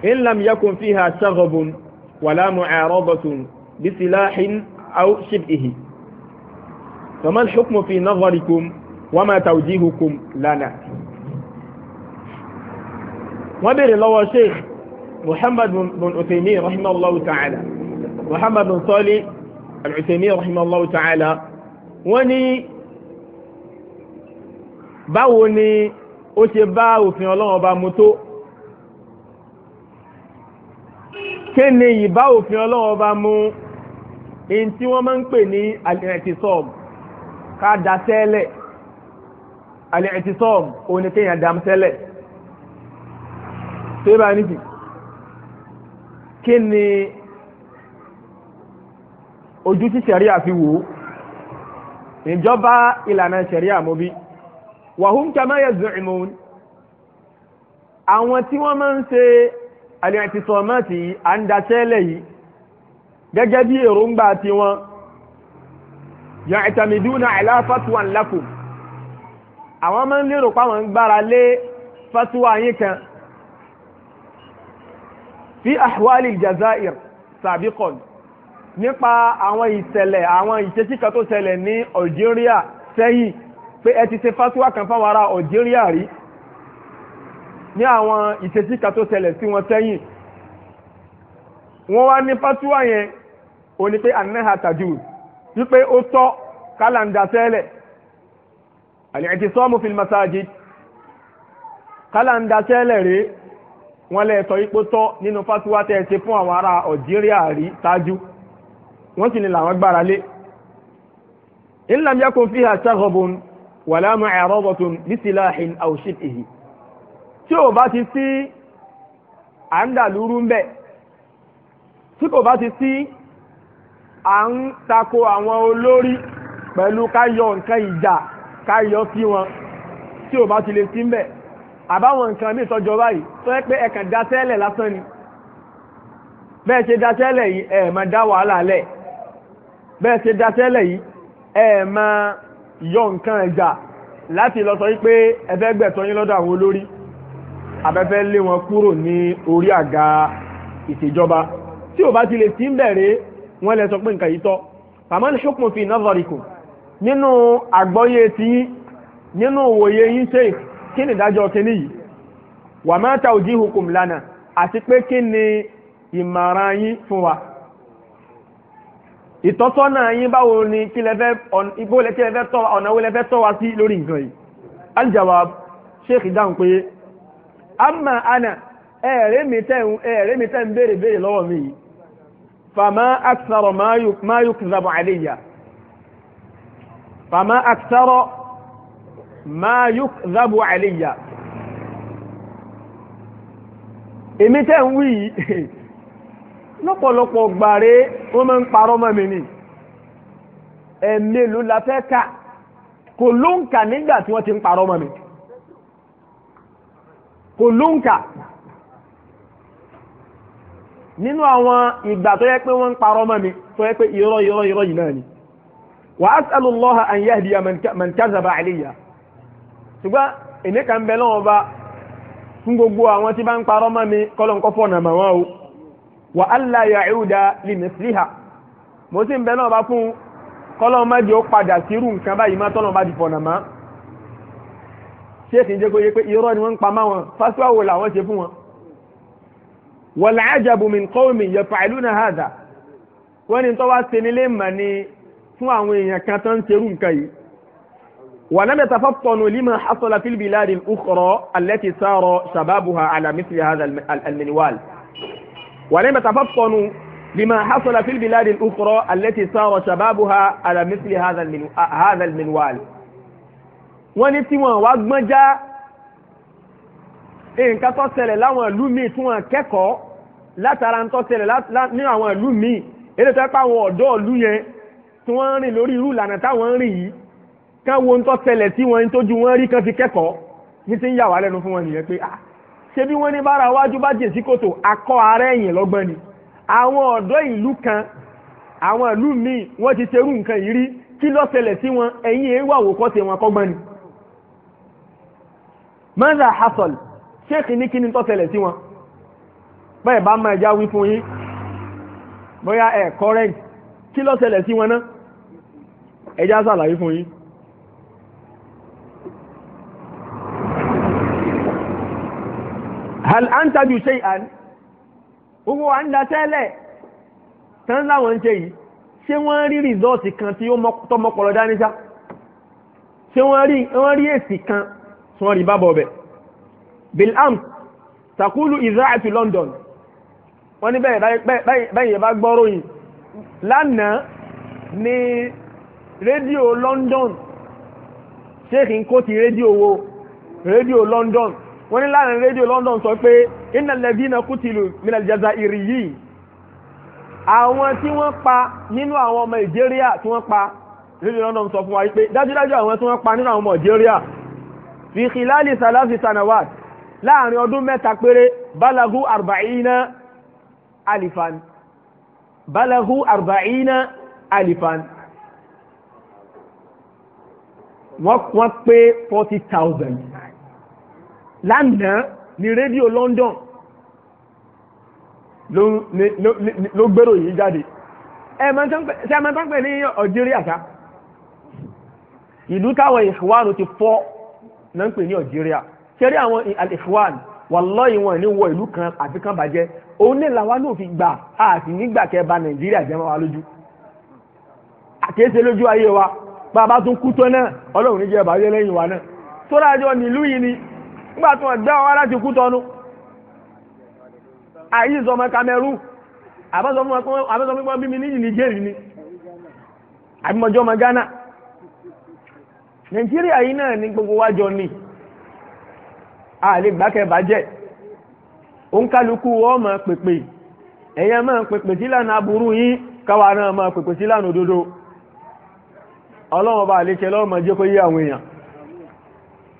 إن لم يكن فيها شغب ولا معارضة بسلاح أو شبهه فما الحكم في نظركم وما توجيهكم لنا wọ́n béèrè lọ́wọ́ sheikh muhammad bin uthaymi rahimahullah ta'ala muhammad bin sọ́lí al-uthaymi rahimahullah ta'ala wọ́n ní báwo ni ó ṣe bá òfin ọlọ́run ọba mu tó kí ni ìbá òfin ọlọ́run ọba mu èyí tí wọ́n máa ń pè ní al ká da sẹ́lẹ̀ al-i'tisam òun ṣé bá níbi kí ni ojú tí sẹ̀ríà fi wò ó ìjọba ìlànà sẹ̀ríà mọ́ bí wàhùn kàmáyà zùmùn àwọn tí wọ́n máa ń ṣe àlẹ́tìsọ̀mọ́tì àǹdàtẹ́lẹ̀ yìí gẹ́gẹ́ bí èròǹgbà tiwọn yàtàmídúnà àìlá fatuwa lakum àwọn máa ń lérò pàwọn gbára lé fatuwa yín kan fi ahwali jazair sabiqon nípa àwọn ìṣẹ̀lẹ̀ àwọn ìṣesíkà tó ṣẹlẹ̀ ní algeria sẹ́yìn pé ẹ ti ṣe fásiwá kan fáwọn ará algeria rí ní àwọn ìṣesíkà tó ṣẹlẹ̀ sí wọn sẹ́yìn wọ́n wá ní fásiwá yẹn ò ní pé anaha tajud wípé ó tọ́ kálàndà sẹ́lẹ̀ al-i'tisamu fil masajid kálàndà sẹ́lẹ̀ rèé wọ́n lè sọ ipò tọ́ nínú fatuwa tẹ́ ẹ ṣe fún àwọn ará algeria rí ṣáájú wọ́n sì ní làwọn gbára lé in lam yakun fiha shaghabun wala mu'aradatun bi silahin aw shibhihi tí ò bá ti sí à ń dàlúrú ń bẹ̀ tí kò bá ti sí à ń tako àwọn olórí pẹ̀lú ká yọ nǹkan ìjà ká yọ sí wọn tí ò bá ti lè sí ń bẹ̀ àbáwọn nǹkan míì tọjọ báyìí tó yẹ pé ẹ kàn dá tẹ́lẹ̀ lásán ni bẹ́ẹ̀ ṣe dá tẹ́lẹ̀ yìí ẹ máa dá wàhálà lẹ̀ bẹ́ẹ̀ ṣe dá tẹ́lẹ̀ yìí ẹ máa yọ nǹkan ẹ̀jà láti lọ sọ wípé ẹ fẹ́ gbẹ̀tọ́ yín lọ́dọ̀ àwọn olórí abẹ́fẹ́ lé wọn kúrò ní orí àga ìṣèjọba tí ò bá ti lè sí ń bẹ̀rẹ̀ wọn lè sọ pé nǹkan yìí tọ́ faman hukmu fi nazarikum nínú àgbọ́yé tí nínú òwòye yín sheikh kí ni ìdájọ́ kíní yìí wà má ta òjì hukum lana àti pé kí ni ìmọ̀ràn yín fún wa ìtọ́sọ́nà yín báwo ni kí lẹ fẹ́ ibo lẹ kí lẹ fẹ́ tọ́ ọ̀nà wo lẹ fẹ́ tọ́ wa sí lórí nǹkan yìí aljawab sheikh dáhùn pé amma ana ẹ̀ẹ́rẹ́ mi tẹ́ ń ẹ̀ẹ́rẹ́ mi tẹ́ ń béèrè béèrè lọ́wọ́ mi yìí fàmà àkṣàrọ̀ máa yùk zàbọ̀ àlẹ́yà fàmà àkṣàrọ̀ ma yukdhabu alayya èmi tẹ́ ń wí yìí lọ́pọ̀lọpọ̀ gbàre wọ́n máa ń parọ́ mọ́ mi ni ẹ̀mélòó la fẹ́ kà kò ló ń kà nígbà tí wọ́n ti ń parọ́ mọ́ mi kò ló ń kà nínú àwọn ìgbà tó yẹ pé wọ́n ń parọ́ mọ́ mi tó yẹ pé irọ́ irọ́ irọ́ yìí náà ni wa as'alullaha an yahdiya man kadhaba ṣùgbọ́n èmi kan bẹ lọ́wọ́ bá fún gbogbo àwọn tí bá ń parọ́ mọ́ mi kọ́lọ́nkọ́ fọ̀nà mọ̀ wọ́n o wa alla ya'uda li misliha mo sì ń bẹ lọ́wọ́ bá fún kọ́lọ́n má jẹ́ ó padà sírú nǹkan báyìí má tọ́nà bá di fọ̀nà mọ́ ṣéèkì ń jẹ́ kó yẹ pé irọ́ ni wọ́n ń pa má wọn fásitì àwò làwọn ṣe fún wọn. wal ajabu min qawmi yaf'aluna hadha wọ́n ní tọ́wá ṣe nílé mà ní fún àwọn èèyàn kan tó ń ṣerú nǹkan yìí ولم يتفطنوا لما حصل في البلاد الأخرى التي سار شبابها على مثل هذا المنوال ولم يتفطنوا لما حصل في البلاد الأخرى التي سار شبابها على مثل هذا المنو... هذا المنوال ونتيما tí wọ́n wá gbọ́n já nǹkan tó ṣẹlẹ̀ láwọn ìlú míì tí wọ́n kẹ́kọ̀ọ́ látara tó ṣẹlẹ̀ ní àwọn ìlú míì èdè tó pa àwọn ọ̀dọ́ ìlú yẹn tí wọ́n ń rìn lórí irú kán wo ń tọ́ ṣẹlẹ̀ tí wọ́n ń tójú wọn rí kán fi kẹ́kọ̀ọ́ ní ti ń yà wá lẹ́nu fún wọn nìyẹn pé ah ṣé bí wọ́n ní bára wájú bá jìn sí kòtò akọ ara ẹ̀yìn lọ́gbọ́n ni àwọn ọ̀dọ́ ìlú kan àwọn ìlú míì wọ́n ti ṣerú nǹkan yìí rí kí ló ṣẹlẹ̀ sí wọn ẹ̀yìn ewu àwòkọ́ ṣe wọn kọ́gbọ́n ni. mọ́nà hasol ṣéèkì ní kíni tó ṣẹlẹ̀ sí wọn bẹ́ẹ̀ bá máa já wí fún yín bóyá ẹ̀ kọ́rẹ́ǹt kí ló ṣẹlẹ̀ sí wọn náà ẹ̀já ṣàlàyé fún yín. hal anta bi an? gbogbo wa ń da tẹ́lẹ̀ tán láwọn ń ṣe yìí ṣé wọ́n rí rìsọ́ọ̀tì kan to ó tọmọpọlọ dání sá ṣé wọ́n rí wọ́n rí èsì kan tí wọ́n rí bá bọ̀ bẹ̀. bill arms takulu israel to London wọ́n ní bẹ́ẹ̀ báyìí bá gbọ́rọ̀ yìí lánàá ní London ṣé kí n kó ti rédíò wo Radio London wọ́n ní láàrin rédíò London sọ pé iná lẹ́bí iná kùtìlù minal jazairi yìí àwọn tí wọ́n pa nínú àwọn ọmọ Nigeria tí wọ́n pa rédíò London sọ fún wa pé dájúdájú àwọn tí wọ́n pa nínú àwọn ọmọ Nigeria fi khilali salasi sanawat láàrin ọdún mẹ́ta péré balagu arba'ina alifan balagu arba'ina alifan wọ́n pé forty thousand lánàá ní rédíò London ló gbèrò yìí jáde ẹ máa tán pẹ̀ ní Algeria ta ìlú táwọn ìhwánu ti fọ́ náà ń pè ní Algeria ṣe rí àwọn al-Ikhwan wallahi wọn ní wọ ìlú kan àti kan bàjẹ́ òun ní làwa náà fi gbà á sì nígbà kẹ ba Nàìjíríà jẹ́ máa wa lójú àkíyèsí lójú ayé wa bá a bá tún kú tó náà Ọlọ́run níjẹ́ bàjẹ́ lẹ́yìn wa náà tó dájọ́ nílùú yìí ni nígbà tí wọ́n gbé wa láti kú tọ́nu àyí ìsọmọ Kamẹrú àbẹ́sọ fún wọn bí mi ní Nìjẹ́rì ni àbímọjọ́ ọmọ Ghana Nàìjíríà yìí náà ní gbogbo wájọ ni àlè gbákẹ́ bàjẹ́ òǹkálukú wọ́n máa pèpè ẹ̀yẹ máa pèpè sílànà aburú yín káwa náà máa pèpè sílànà òdodo ọlọ́wọ́n bá àlejò ọlọ́wọ́n máa jẹ́ kó yé àwọn èèyàn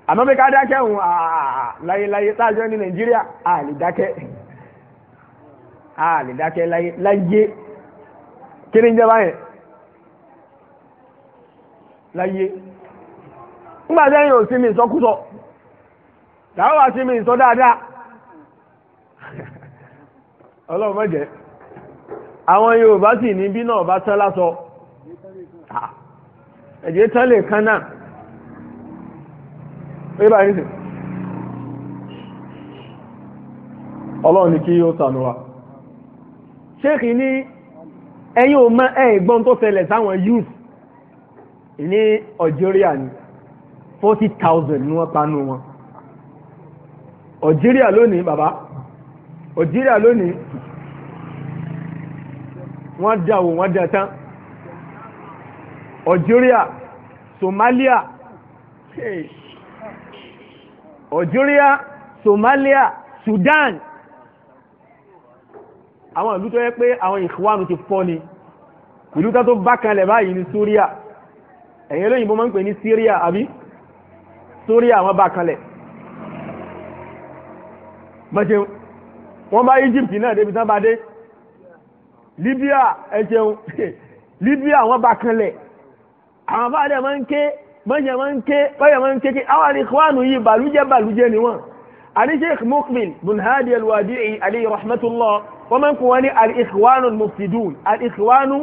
àmọ́ bí ká dákẹ́ òun láyéláyé táàjọ́ ní nàìjíríà a lè dákẹ́ a lè dákẹ́ láyé kí ni jẹba yẹn láyé nígbà tẹ́yìn ò sí mi ìsọkúsọ tàwọn wá sí mi ìsọ dáadáa ọlọ́run mọ̀jẹ́ àwọn yorùbá sì ní bí náà bá tán lásọ ẹ̀jẹ̀ tán lè kan náà oye báyìí nìsín ọlọ́run ni kí ó sànù wa ṣéèkì ní ẹ̀yin ò mọ tó ṣẹlẹ̀ sáwọn youth ní Algeria ni forty thousand ni wọ́n panu wọn Algeria lónìí bàbá Algeria lónìí wọ́n dà wọ́n dà tán Algeria Somalia. Hey algeria somalia sudan àwọn ìlú tó yẹ pé àwọn ìfúwánu ti fọ́ ni ìlú tó bá kanlẹ̀ báyìí ní syria ẹ̀yìn olóyìnbó máa ń pè ní syria àbí syria àwọn bá kanlẹ̀ mọ̀jẹun wọ́n bá egypt náà débi tán bá dé libya ẹ̀jẹun libya àwọn bá kanlẹ̀ àwọn bá dẹ̀ máa ń ké bọ́jà máa ń ké bọ́jà máa ń ké kí àwọn àlìkọ́wánu yìí bàlújẹ́ bàlújẹ́ ni wọ́n àdíṣeek mukmin bin hadi alwadi'i alayhi rahmatullah wọ́n máa ń kó wọn ní àlìkọ́wánu mufsidun àlìkọ́wánu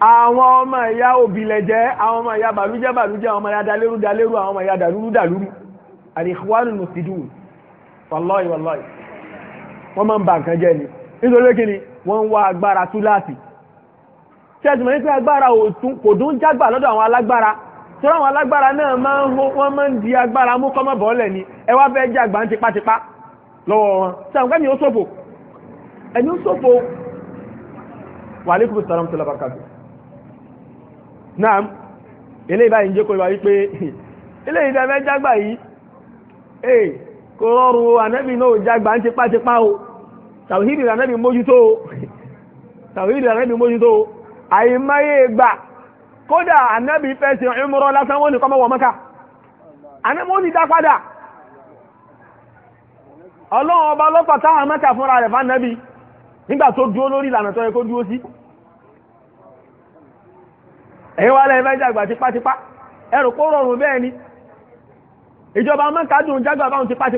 àwọn ọmọ ẹ̀yà òbílẹ̀ jẹ́ àwọn ọmọ ẹ̀yà bàlújẹ́ bàlújẹ́ àwọn ọmọ ẹ̀yà dalérú dalérú àwọn ọmọ ẹ̀yà dàlúrú dàlúrú àlìkọ́wánu mufsidun wọ́n máa ń ba nǹkan jẹ́ ni nítorí kí ni wọ́n ń wá agbára túláàsì tẹ́sìmọ̀ nípa agbára òtún kò dún jágbà lọ́dọ̀ àwọn alágbára tọ́lá àwọn alágbára náà máa ń hó wọ́n máa ń di agbára mú kọ́mọ́ bọ́ọ̀lẹ̀ ni ẹ wá fẹ́ jàgbá ń tipátipá lọ́wọ́ wọn sẹ́wọ̀n kẹ́mi ó ṣòfò ẹni ó ṣòfò wa alaikum salaam tó lọ́ba kàdùn. naam eléyìí báyìí ń jẹ́ kó wá wípé eléyìí tẹ́ fẹ́ jágbà yìí ee eh, kò rọrùn o ànábì náà ò jágbà ń tipátipá o tàwíìdì ànábì mójútó o tàwíìdì ànábì mójútó o. Ayi ìgbà kódà ànábì fẹ́ ṣe ìmúrọ́ lásán wọ́n ní kọ́mọ wọ mọ́ká ànábì wọ́n ní dá padà ọlọ́run ọba ọlọ́pàá táwọn mọ́ká fúnra rẹ̀ fánábì nígbà tó lórí ìlànà tó yẹ kó sí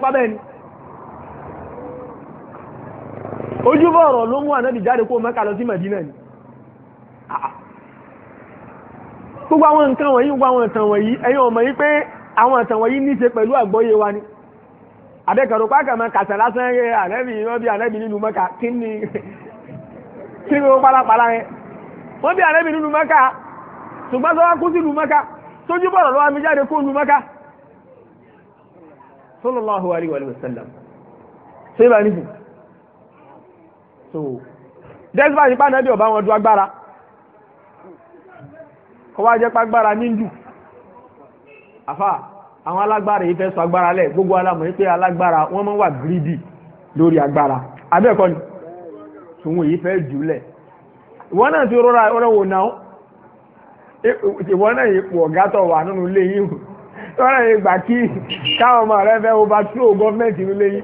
wà ojúbọ̀ ọ̀rọ̀ ló mú ànábì jáde kó lọ sí ni gbogbo àwọn nǹkan wọ̀nyí gbogbo àwọn ìtàn wọ̀nyí ẹ̀yin ọmọ yìí pé àwọn ìtàn wọ̀nyí ní í ṣe pẹ̀lú àgbọ́yé wa ni àbẹ́kẹ̀rọ pákàmọ́ kàtà lásán yẹ àlẹ́bí wọ́n bí àlẹ́bí nínú mọ́kà kí ni kí ni ó pálapàla yẹn wọ́n bí àlẹ́bí nínú mọ́kà ṣùgbọ́n sọ́wọ́ kú sí ìlú mọ́kà tójú bọ̀rọ̀ lọ́wọ́ mi jáde kó ìlú mọ́kà sallallahu alaihi wa sallam ṣé bá nífù so dẹ́sí bá ti pa náà bí ọba wọn du agbára kọ́ wá jẹ́ pàgbára níjù àfà àwọn alágbára yìí fẹ́ sọ agbára lẹ̀ gbogbo alámọ̀ yìí pé alágbára wọ́n máa ń wà gírídì lórí agbára abẹ́ẹ̀kọ́ ni tòun yìí fẹ́ jù lẹ̀ ìwọ náà ti rọra ọ̀rọ̀ wò náà ìwọ náà yìí pọ̀ gátọ̀ wà nínú ilé yìí ìwọ náà yìí gbà kí káwọn ọmọ rẹ fẹ́ overthrow gọ́ọ̀mẹ̀ntì nínú ilé yìí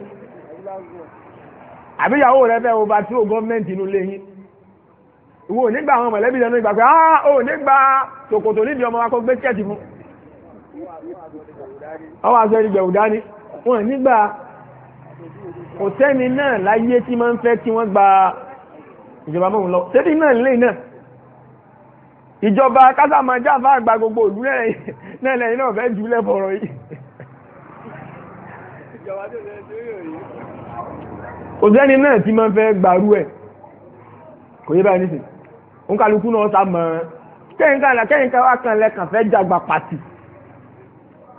àbíyàwó rẹ fẹ́ overthrow gọ́ọ̀mẹ̀ntì nínú ilé yìí ìwọ ò ní gba àwọn mọ̀lẹ́bí lẹ́nu ìgbà pé ah ò ní gba tòkòtò nídìí ọmọ wa kó gbé tíẹ̀tì fún ọwọ́ aṣọ ìgbẹ̀wò dání wọn nígbà kò sẹ́ni náà láyé tí máa ń fẹ́ kí wọ́n gba ìjọba mọ́hún lọ sẹ́ni náà lè náà ìjọba kásámọ́jà bá gba gbogbo òlú náà lẹ́yìn náà fẹ́ jùlẹ̀ fọ̀rọ̀ yìí kò sẹ́ni náà tí máa ń fẹ́ gbàrú ẹ̀ kò yé báyìí nísìnyí nkàlùkù náà sá mọ́ kẹ́yìnká là kẹ́yìnká wà kàn lẹ́kàn fẹ́ jàgbà pàtì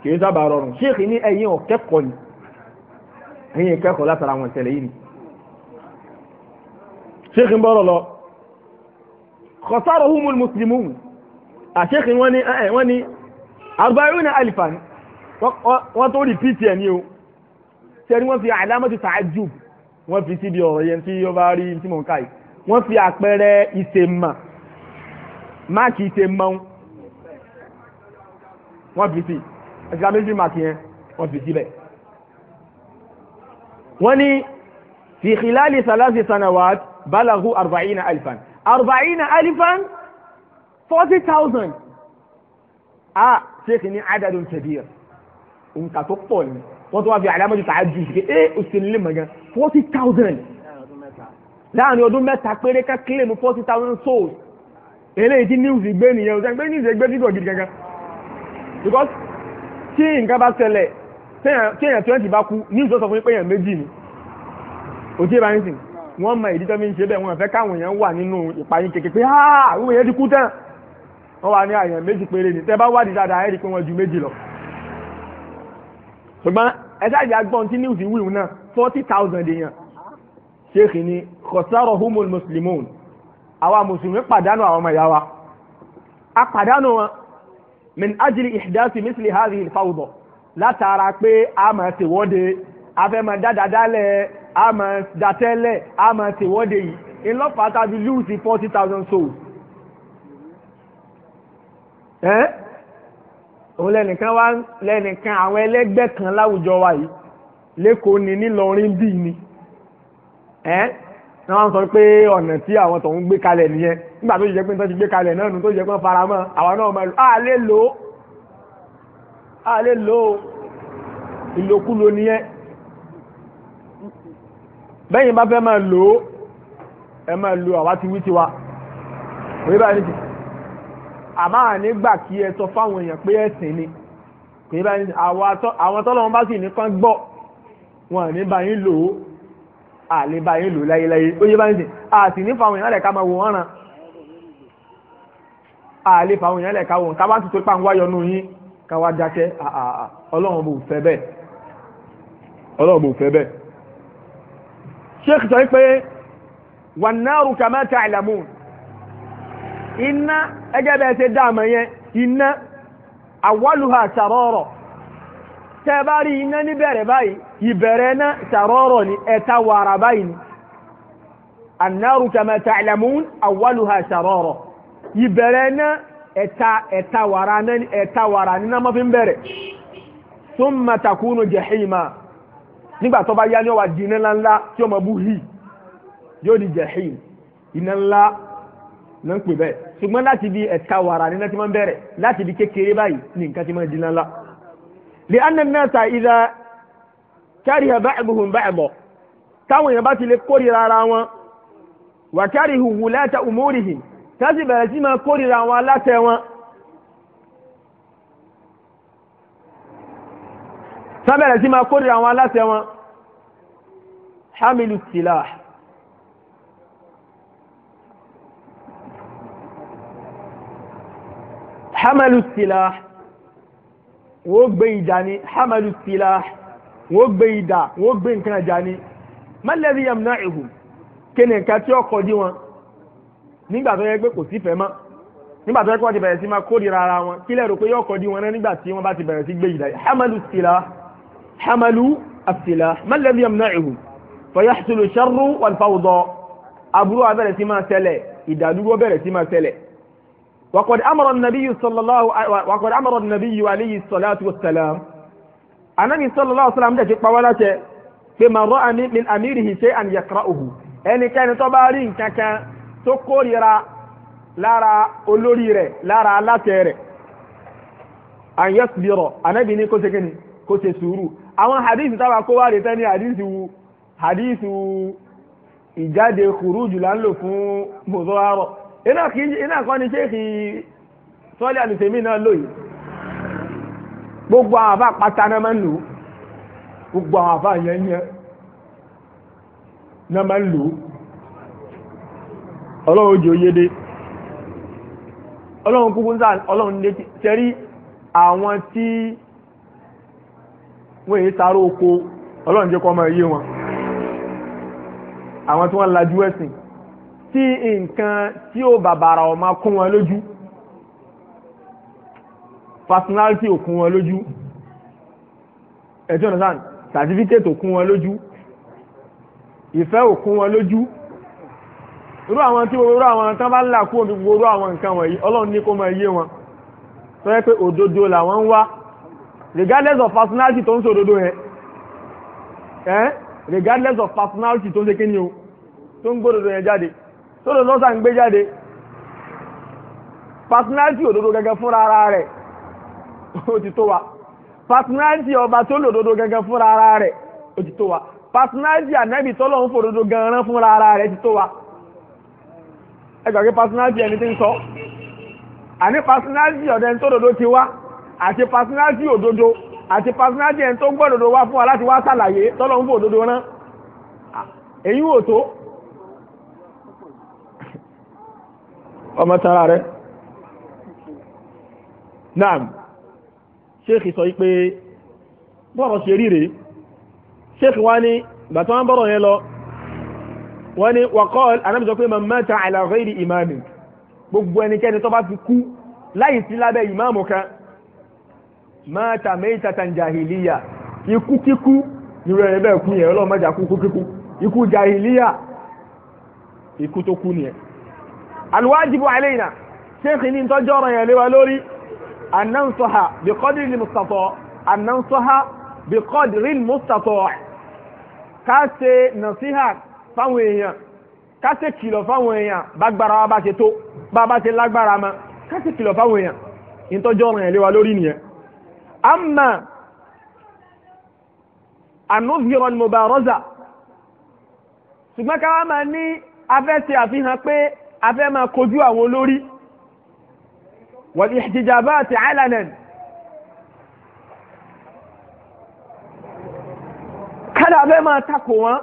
kì í sábà rọrùn ṣéèkì ní ẹ̀yìn ọ̀kẹ́kọ̀ọ́ ni ẹ̀yìn ìkẹ́kọ̀ọ́ látara àwọn ìṣẹ̀lẹ̀ yìí ni ṣéèkì ń bọ̀rọ̀ lọ kọ̀sáró humul muslimun àṣéèkì wọ́n ní wọ́n ní arba'una alifan wọ́n tó rí ptn ni o ṣe ni wọ́n fi alamatu ta'ajjub wọ́n fi síbi ọ̀rọ̀ yẹn tí ó bá rí tí mò káyìí wọ́n fi àpẹẹrẹ ìsèmà máàkì ìsèmà wọ́n fi sí exclamation mark yẹn wọ́n fi síbẹ̀. wọ́n ní fi khilali salasi sanawat balagu arba'ina alifan arba'ina alifan forty thousand a sheikh ni adadun kabir nǹkan tó pọ̀ ni wọ́n tún wá fi àlámọ́jú tààjú ṣe é òsèlú eh, lè mọ̀ gan forty thousand láàrin ọdún mẹ́ta péré ká kílèmù forty thousand souls eléyìí tí news gbé nìyẹn o sẹ́ni pé news gbé fígọ̀ gidi gangan because tí nǹkan bá ṣẹlẹ̀ tí èèyàn twenty bá kú news sọ fún mi pé èèyàn méjì ni òtí ẹ̀ bá ń sìn wọ́n mọ ìdí tó fi ń ṣe bẹ́ẹ̀ wọ́n fẹ́ káwọn èèyàn wà nínú ìpààyàn kékeré pé ah, àwọn èèyàn ti kú tán wọ́n wà ní àyàn ah, méjì péré ni tẹ́ bá wádìí dáadáa ẹ̀rí pé wọ́n ju méjì lọ. ṣùgbọ́n ẹ ṣáàjì agbọ́n tí news wíwù náà forty thousand èèyàn ṣéèkì ni kọ̀sáró humul muslimun àwa mùsùlùmí pàdánù àwọn ọmọ ìyá wa a pàdánù wọn min ajili ihdasi misli hadhihi alfawda látara pé a máa ṣèwọ́de afẹ́mọ̀ dáadáadáalẹ̀ a máa datẹ́lẹ̀ a máa ṣèwọ́de yìí ńlọ́fà tàbí lùsì forty thousand souls. ẹ́ òun lẹ́nìkan wá lẹ́nìkan àwọn ẹlẹ́gbẹ́ kan láwùjọ wa yìí lẹ́kọ̀ọ́ ni nílọrin bíi ni. ẹ́ ni wọ́n sọ pé ọ̀nà tí àwọn tó ń gbé kalẹ̀ nìyẹn nígbà tó yẹ pé tó ti gbé kalẹ̀ náà nù tó yẹ pé fara mọ́ àwọn náà máa lò á lè lò ó á lè lò ó ìlòkulò nìyẹn bẹ́yìn bá fẹ́ máa lò ó ẹ máa lo àwa ti wí tiwa òye báyìí nìyí àmọ́ ànígbà kí ẹ sọ fáwọn èèyàn pé ẹ̀sìn ni òye báyìí nìyí àwọn tọ́lọ́wọ́n bá sì ní kán gbọ́ wọn àní bá lò ó àlebá yín lò láyéláyé ó yé báyìí sìn àti ní fàwọn èèyàn lẹ̀ka máa wò wọ́n ràn àlè fàwọn èèyàn lẹ̀ka wò wọ́n kábàtì tó pa ń wáyọ nù yín ká wá dákẹ́ ọlọ́run bò fẹ́ bẹ́ẹ̀ ọlọ́run bò fẹ́ bẹ́ẹ̀. sheikh sọ pé wà náírù kàmá ta ìlàmù iná ẹgẹ́ bẹ́ẹ̀ ṣe dáàmú yẹn iná àwọlùhà sàrọ̀rọ̀ tẹ́ ẹ bá rí iná níbẹ̀rẹ̀ báyìí ìbẹ̀rẹ̀ náà sàrọ́rọ̀ ni ẹ̀ta wàrà báyìí ni annaru kama ta'lamun awwaluha sàrọ́rọ̀ ìbẹ̀rẹ̀ náà ẹ̀ta ẹ̀ta wàrà náà ẹ̀ta wàrà nínú ọmọ fi ń bẹ̀rẹ̀ thumma takunu jahima nígbà tó bá yá ni ó wà di iná ńláńlá tí ó mọ bú hì yóò di jahim iná ńlá ló ń pè bẹ́ẹ̀ ṣùgbọ́n láti bí ẹ̀ta wàrà nínú ti máa ń bẹ̀rẹ̀ láti bí kékeré báyìí ni nǹkan ti máa di iná لأن الناس إذا كره بعضهم بعضا táwọn èèyàn bá ti lè kórìíra ara wọn wàkárìhù wùlẹ́tà umórìhì tẹ́sí bẹ̀rẹ̀ sí máa kórìíra àwọn aláṣẹ wọn. sábẹ̀rẹ̀ sí máa kórìíra àwọn aláṣẹ wọn. hamilu silah hamilu silah wọ́n gbé ìjà ni hamalu silah wọ́n gbé ìdà wọ́n gbé nǹkan ìjà ni malẹ́bí yamna'uhum kéne nǹkan tí ó kọjú wọn nígbà tó yẹ pé kò sí fẹ́ mọ́ nígbà tó yẹ pé wọ́n ti bẹ̀rẹ̀ sí máa kórìíra ara wọn kí lẹ́rù pé yóò kọjú wọn náà nígbà tí wọ́n bá ti bẹ̀rẹ̀ sí gbé ìdà hamalu silah hamalu silah malẹ́bí yamna'uhum fayahsulu sharru wal aburú abẹ́rẹ́ sí máa ṣẹlẹ̀ ìdádúró bẹ̀rẹ̀ sí máa ṣẹlẹ̀ وقد أمر النبي صلى الله وقد أمر النبي عليه الصلاة والسلام النبي صلى الله عليه وسلم ده جيب بوالاتي بما رأى من أميره شيئا يقرأه يعني كان تبارين كان تقول يرى لارا olórí rẹ̀ lára aláṣẹ rẹ̀ an yasbiro anabi ní kó ṣe أما kó ṣe sùúrù àwọn hadith táwa kó wá rè tán ní hadith wu iná kan ni ṣéèkì sọ́ọ́lì àlùsèmí náà lóyè gbogbo àwọn àfa pátá náà máa ń lò gbogbo àwọn àfa yẹn yẹn náà máa ń lò ọlọ́run ojú oyédè ọlọ́run kúkú ń ọlọ́run létí sẹ́rí àwọn tí wọ́n èyí sáré oko ọlọ́run jẹ́ kọ́ ọmọ iye wọn àwọn tí wọ́n lajú ẹ̀sìn tí nǹkan tí ó bàbàrà ó máa kún wọn lójú personality ò kún wọn lójú ẹ̀tí ọ̀nà sáà certificate ò kún wọn lójú ìfẹ́ ò kún wọn lójú irú àwọn tí irú àwọn tán bá là kúrò ní gbogbo irú àwọn nǹkan wọ̀nyí ọlọ́run ní kó máa yé wọn tó yẹ pé òdodo làwọn ń wá regardless of personality tó ń sòdodo yẹn eh regardless of personality tó ń ṣe kí ni o tó ń gbódodo yẹn jáde tó lọ lọ́sà gbé jáde personality òdodo gẹ́gẹ́ ara rẹ̀ ó ti tó wa personality ọba tó lòdodo gẹ́gẹ́ ara rẹ̀ ó ti tó wa personality ànábì tọ́lọ̀ ń fòdodo gan-an fúnra ara rẹ̀ ti tó wa ẹ gbàgbé personality ẹni tí ń sọ àní dodo ti wá àti personality òdodo àti personality ẹni tó wá fún wa láti wá sàlàyé ń fòdodo ọmọ tara rẹ̀ naam ṣéèkì sọ pé bọ́rọ̀ ṣe ríre ṣéèkì wá ní bàtọ́ wọn bọ́rọ̀ yẹn lọ wọ́n ní wàkọ́ anábì pé man mata ala ghairi ìmáàmì gbogbo ẹnikẹ́ni tó bá fi kú láì sí lábẹ́ ìmáàmù kan mata maytatan jahiliya ikú kíkú irú ẹ̀rẹ́ bẹ́ẹ̀ kú yẹn ọlọ́mọdé akú kíkú ikú jahiliya ikú tó kú nìyẹn alwajibu alayna sheikh ní tọ́jú ọ̀rọ̀ yẹn léwa lórí anansoha bi qadri mustata anansoha bi qadri mustata ká ṣe nasiha fáwọn èèyàn ká ṣe kìlọ̀ fáwọn èèyàn bá gbára wa bá ṣe tó bá bá ṣe lágbára ma ká ṣe kìlọ̀ fáwọn èèyàn ìtọ́jú ọ̀rọ̀ yẹn léwa lórí nìyẹn amma anuzhiro al mubaraza ṣùgbọ́n ká wá afẹ́ máa kojú àwọn olórí wal ihtijabat alanan kálá afẹ́ máa takò wọn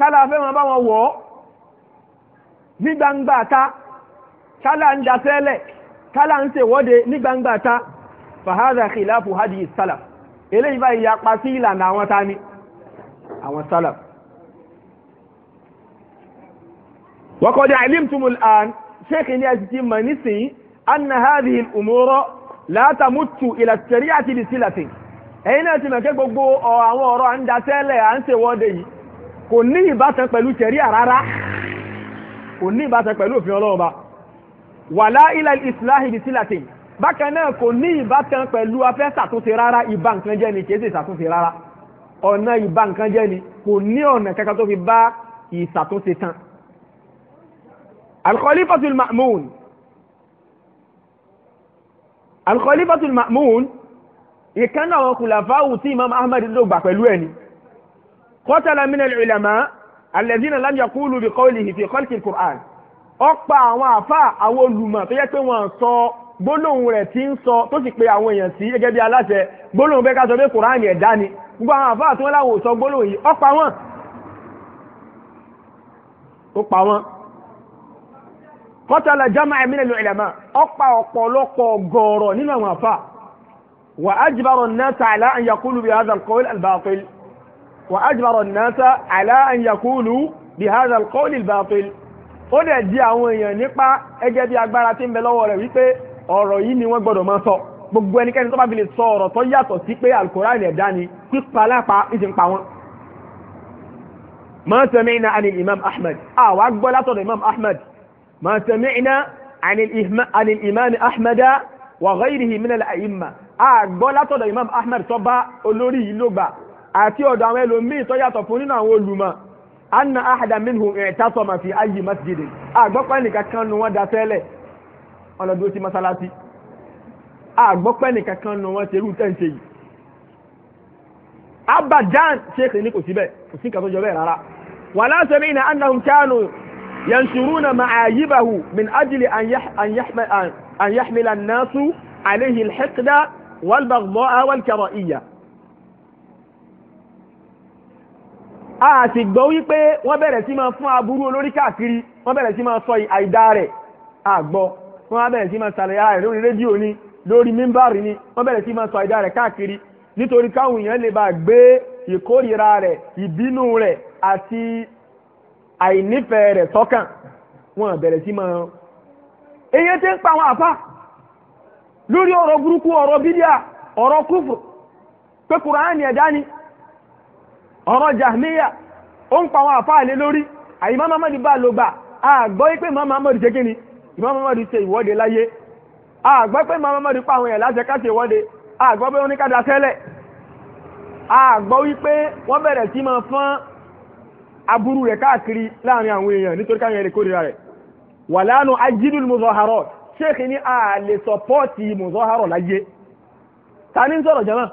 kálá afẹ́ máa bá wọn wọ̀ ọ́ ní gbangba ta kálá ń dasẹ́lẹ̀ kálá ń ṣèwọ́de ní ta fahadha khilafu hadi salaf eléyìí báyìí yapa sí ìlànà àwọn ta àwọn salaf. وقد علمتم الآن شيخ إلياس تيمانيسي أن هذه الأمور لا تمت إلى الشريعة بصلة ẹ̀yin náà ti mọ̀ pé gbogbo àwọn ọ̀rọ̀ à ń da tẹ́lẹ̀ à ń ṣèwọ́de yìí kò ní ìbátan pẹ̀lú ṣẹ̀ríà rárá kò ní ìbátan pẹ̀lú òfin ọlọ́run ba wàlá ilẹ̀ ìsìláhì bí sílàtì bákan náà kò ní ìbátan pẹ̀lú afẹ́ ṣàtúnṣe rárá ìbá nǹkan jẹ́ ni kì í ṣe ṣàtúnṣe rárá ọ̀nà ìbá nǹkan jẹ́ ni kò ní ọ̀nà kankan tó fi bá ìṣàtúnṣe tán الخليفة المأمون الخليفة المأمون ìkánná àwọn kùlàfáwù tí imam ahmed ló gbà pẹ̀lú ẹni kọ́tàlá min al-ulama alladhina lam yaqulu bi qawlihi fi khalqi al-Qur'an ó pa àwọn àfa àwọn olùmọ̀ tó yẹ pé wọ́n sọ gbólóhùn rẹ̀ tí ń sọ tó sì pe àwọn èèyàn sí gẹ́gẹ́ bí aláṣẹ gbólóhùn bẹ́ẹ̀ ká sọ pé kùránì ẹ̀dá ni gbogbo àwọn àfa àti wọn láwọn ò sọ gbólóhùn yìí ó pa wọ́n ó pa wọ́n kọ́tàlá jama'a min al-ulama ọ̀pá ọ̀pọ̀lọpọ̀ gọ̀ọ̀rọ̀ nínú àwọn àfa wà ajbara an-nasa ala an yaqulu bi hadha al-qawl al-batil wà ajbara an-nasa ala an yaqulu bi hadha al-qawl al-batil ó dẹ̀ di àwọn èèyàn nípa ẹgẹ́ bí agbára tí ń bẹ lọ́wọ́ rẹ̀ wípé ọ̀rọ̀ yìí ni wọ́n gbọ́dọ̀ máa sọ gbogbo ẹnikẹ́ni tó bá fi lè sọ ọ̀rọ̀ tó yàtọ̀ sí pé alukoran ẹ̀dá ni pípa lápá ìsì ń pa wọn. ma sami'na anil imam ahmed àwa gbọ́ látọ̀dọ̀ imam ahmed ما سمعنا عن الإهم... عن الإمام أحمد وغيره من الأئمة àgbọ́ látọ̀dọ̀ Imam Ahmed tó bá olórí yìí ló gbà àti ọ̀dọ̀ àwọn ẹlòmíì tó yàtọ̀ fún nínú àwọn olùmọ̀ anna ahada minhum i'tasama fi ayyi masjidin àgbọ́pẹ́ nìkan kan nu wọn da tẹ́lẹ̀ ọlọ́dún sí masalasi àgbọ́pẹ́ nìkan kan nu wọn ṣerú tẹ̀sẹ̀ yìí abadan sheikh ní kò síbẹ̀ kò sí nǹkan tó jọ bẹ́ẹ̀ rárá wala sami'na annahum kanu yansuruna ma'ayibahu min ajili an أن يحمل الناس عليه الحقد والبغضاء a sì gbọ́ wípé wọ́n bẹ̀rẹ̀ sí máa fún aburú olórí káàkiri wọ́n bẹ̀rẹ̀ sí máa sọ àìdá rẹ̀ àgbọ̀ wọ́n bẹ̀rẹ̀ sí máa ṣàlàyé rẹ̀ lórí rédíò ni lórí mímbàrì ni wọ́n bẹ̀rẹ̀ sí máa sọ àìdá rẹ̀ káàkiri nítorí káwọn èèyàn lè bá gbé ìkórìíra rẹ̀ ìbínú rẹ̀ àti àìnífẹ̀ẹ́ rẹ̀ sọ́kàn wọn bẹ̀rẹ̀ sí máa eyín tí ń pa àwọn àfa lórí ọ̀rọ̀ burúkú ọ̀rọ̀ bídíà ọ̀rọ̀ kúfù pé kùránì ẹ̀dá ni ọ̀rọ̀ jahmiya ó ń pa àwọn àfa àlè lórí àyìnbá mamadi bá ló gbà àgbọ́ pé màmá mamadi ṣe kíni ìmọ̀ mamadi ṣe ìwọ́de láyé àgbọ́ pé màmá mamadi pa àwọn ẹ̀ láṣẹ ká ṣe ìwọ́de àgbọ́ pé oníkàdá tẹ́lẹ̀ àgbọ́ wípé wọ́n bẹ̀rẹ̀ sí máa fọ́n aburú rẹ̀ káàkiri láàrin àwọn èèyàn nítorí káwọn èèyàn lè kórìíra rẹ̀ wà lánàá ajídùn mùsọ̀hárọ̀ ṣéèkì ní a lè sọpọ́ọ̀tì mùsọ̀hárọ̀ láyé ta ní sọ̀rọ̀ jẹ́mọ́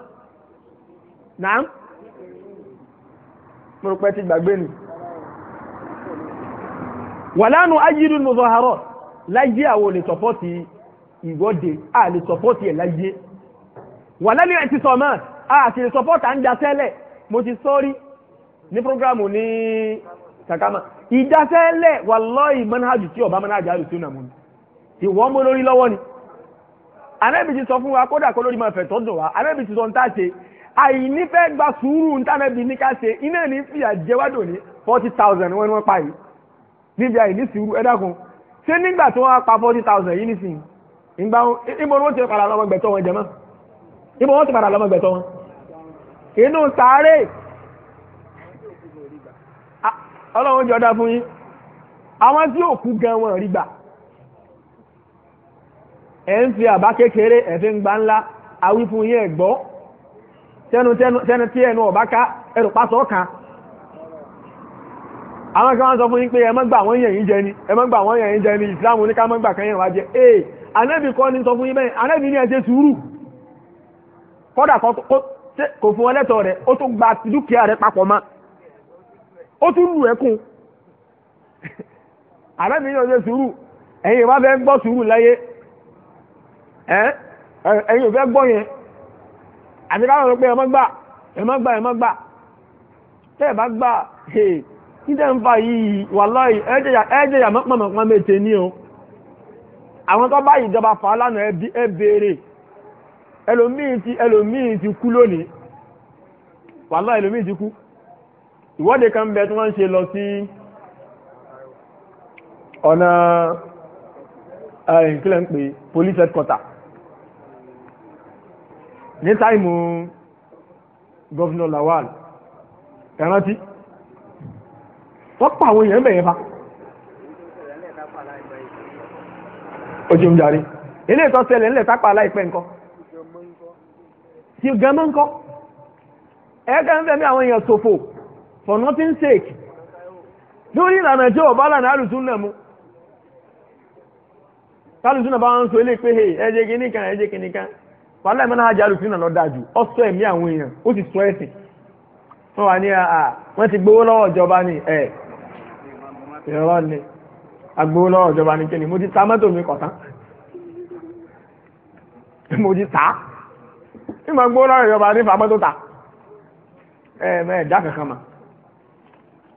náà mo rò pé ti gbàgbé ni wà lánàá ajídùn mùsọ̀hárọ̀ láyé àwọn lè sọpọ́ọ̀tì ìwọ́de a lè sọpọ́ọ̀tì ẹ̀ láyé wà lánàá ẹ̀ ti sọ mọ́ a sì à ń gbà tẹ́lẹ̀ mo ti sọ́rí ní programu ní kàkàmà ìdásẹ́lẹ̀ wallahi manhajù tí ọba manhajù àlùsí ọ̀nà mọ́ni ìwọ́n mọ́ lórí lọ́wọ́ ni anẹ́bì ti sọ fún wa kódà kó lórí máa fẹ̀ tọ́jú wa anẹ́bì ti sọ ń tàṣe àìnífẹ́ gba sùúrù ń tànẹ́bì ní ká iná ní fìyà jẹ́wádò ní forty thousand wọ́n ni wọ́n pa yìí níbi àìní sùúrù ẹ dákun ṣé nígbà tí wọ́n pa forty thousand yìí nìsín ìgbà ìbò wọn ti padà lọ́mọ gbẹ̀tọ́ wọn jẹ mọ́ ìbò wọn ti padà lọ́mọ gbẹ̀tọ́ wọn inú sáré ọlọ́run jọ dá fún yín àwọn tí ò kú gan wọn rí gbà ẹ̀ ń fi àbá kékeré ẹ̀ fi ń gba ńlá awí fún yín ẹ̀ gbọ́ tẹnu tí ẹnu ọ̀bá ká ẹrù pásọ̀ kan àwọn kan wọ́n sọ fún yín pé ẹ má gbà wọ́n yẹn yín jẹ ni ẹ má gbà wọ́n yẹn yín jẹ ni ìsìláàmù ní ká má gbà kan yẹn wá jẹ ee anẹ́bì kọ́ ni sọ fún yín bẹ́ẹ̀ anẹ́bì ní ẹ ṣe sùúrù kódà kò fún wọn lẹ́tọ̀ọ́ rẹ̀ ó tún gba dúkìá rẹ̀ papọ̀ mọ́ ó tún lù ẹkùn ààrẹ mi yàn ṣe sùúrù ẹ̀yin ìwà fẹ́ gbọ́ sùúrù láyé ẹ̀yin ò fẹ́ gbọ́ yẹn àti káwọn ọ̀rọ̀ pé ẹ má gbà ẹ má gbà ẹ má gbà tẹ́ ẹ bá gbà títẹ̀ ń fa yìí wàláhì ẹ̀jẹ̀ yà mọ́pọ̀mọ́pọ̀ mẹ́tẹ ní o àwọn tó bá ìjọba fà á lánàá ẹ béèrè ẹlòmíì ti ẹlòmíì ti kú lónìí wàláhì ẹlòmíì ti kú ìwọ́de kan bẹ tí wọ́n ń ṣe lọ sí ọ̀nà ìkílẹ̀ ń pè police headquarter ní táìmù gọ́vnà Lawal ẹ̀rántí wọ́n pa àwọn èèyàn bẹ̀yẹn fa ó jẹun jàre ilé ìtọ́ ṣẹlẹ̀ ńlẹ̀ sápá aláìpẹ́ nǹkan tí gan mọ́ nǹkan ẹ̀ẹ́kan fẹ́mi àwọn èèyàn ṣòfò for nothing sake lórí ìlànà tí ọba lànà àlùsùn náà mu tálùsùn náà bá ń sọ ilé pé ẹjẹ kìnnìkan ẹjẹ kìnnìkan wàhálà ìmọ̀nà àjẹ àlùsùn náà lọ dájú ó sọ ẹ̀mí àwọn èèyàn ó sì sọ ẹ̀sìn wọ́n wà ní àà ah, ah, wọ́n ti gbowó ìjọba ni ni agbowó ìjọba ni kíni mo ti ta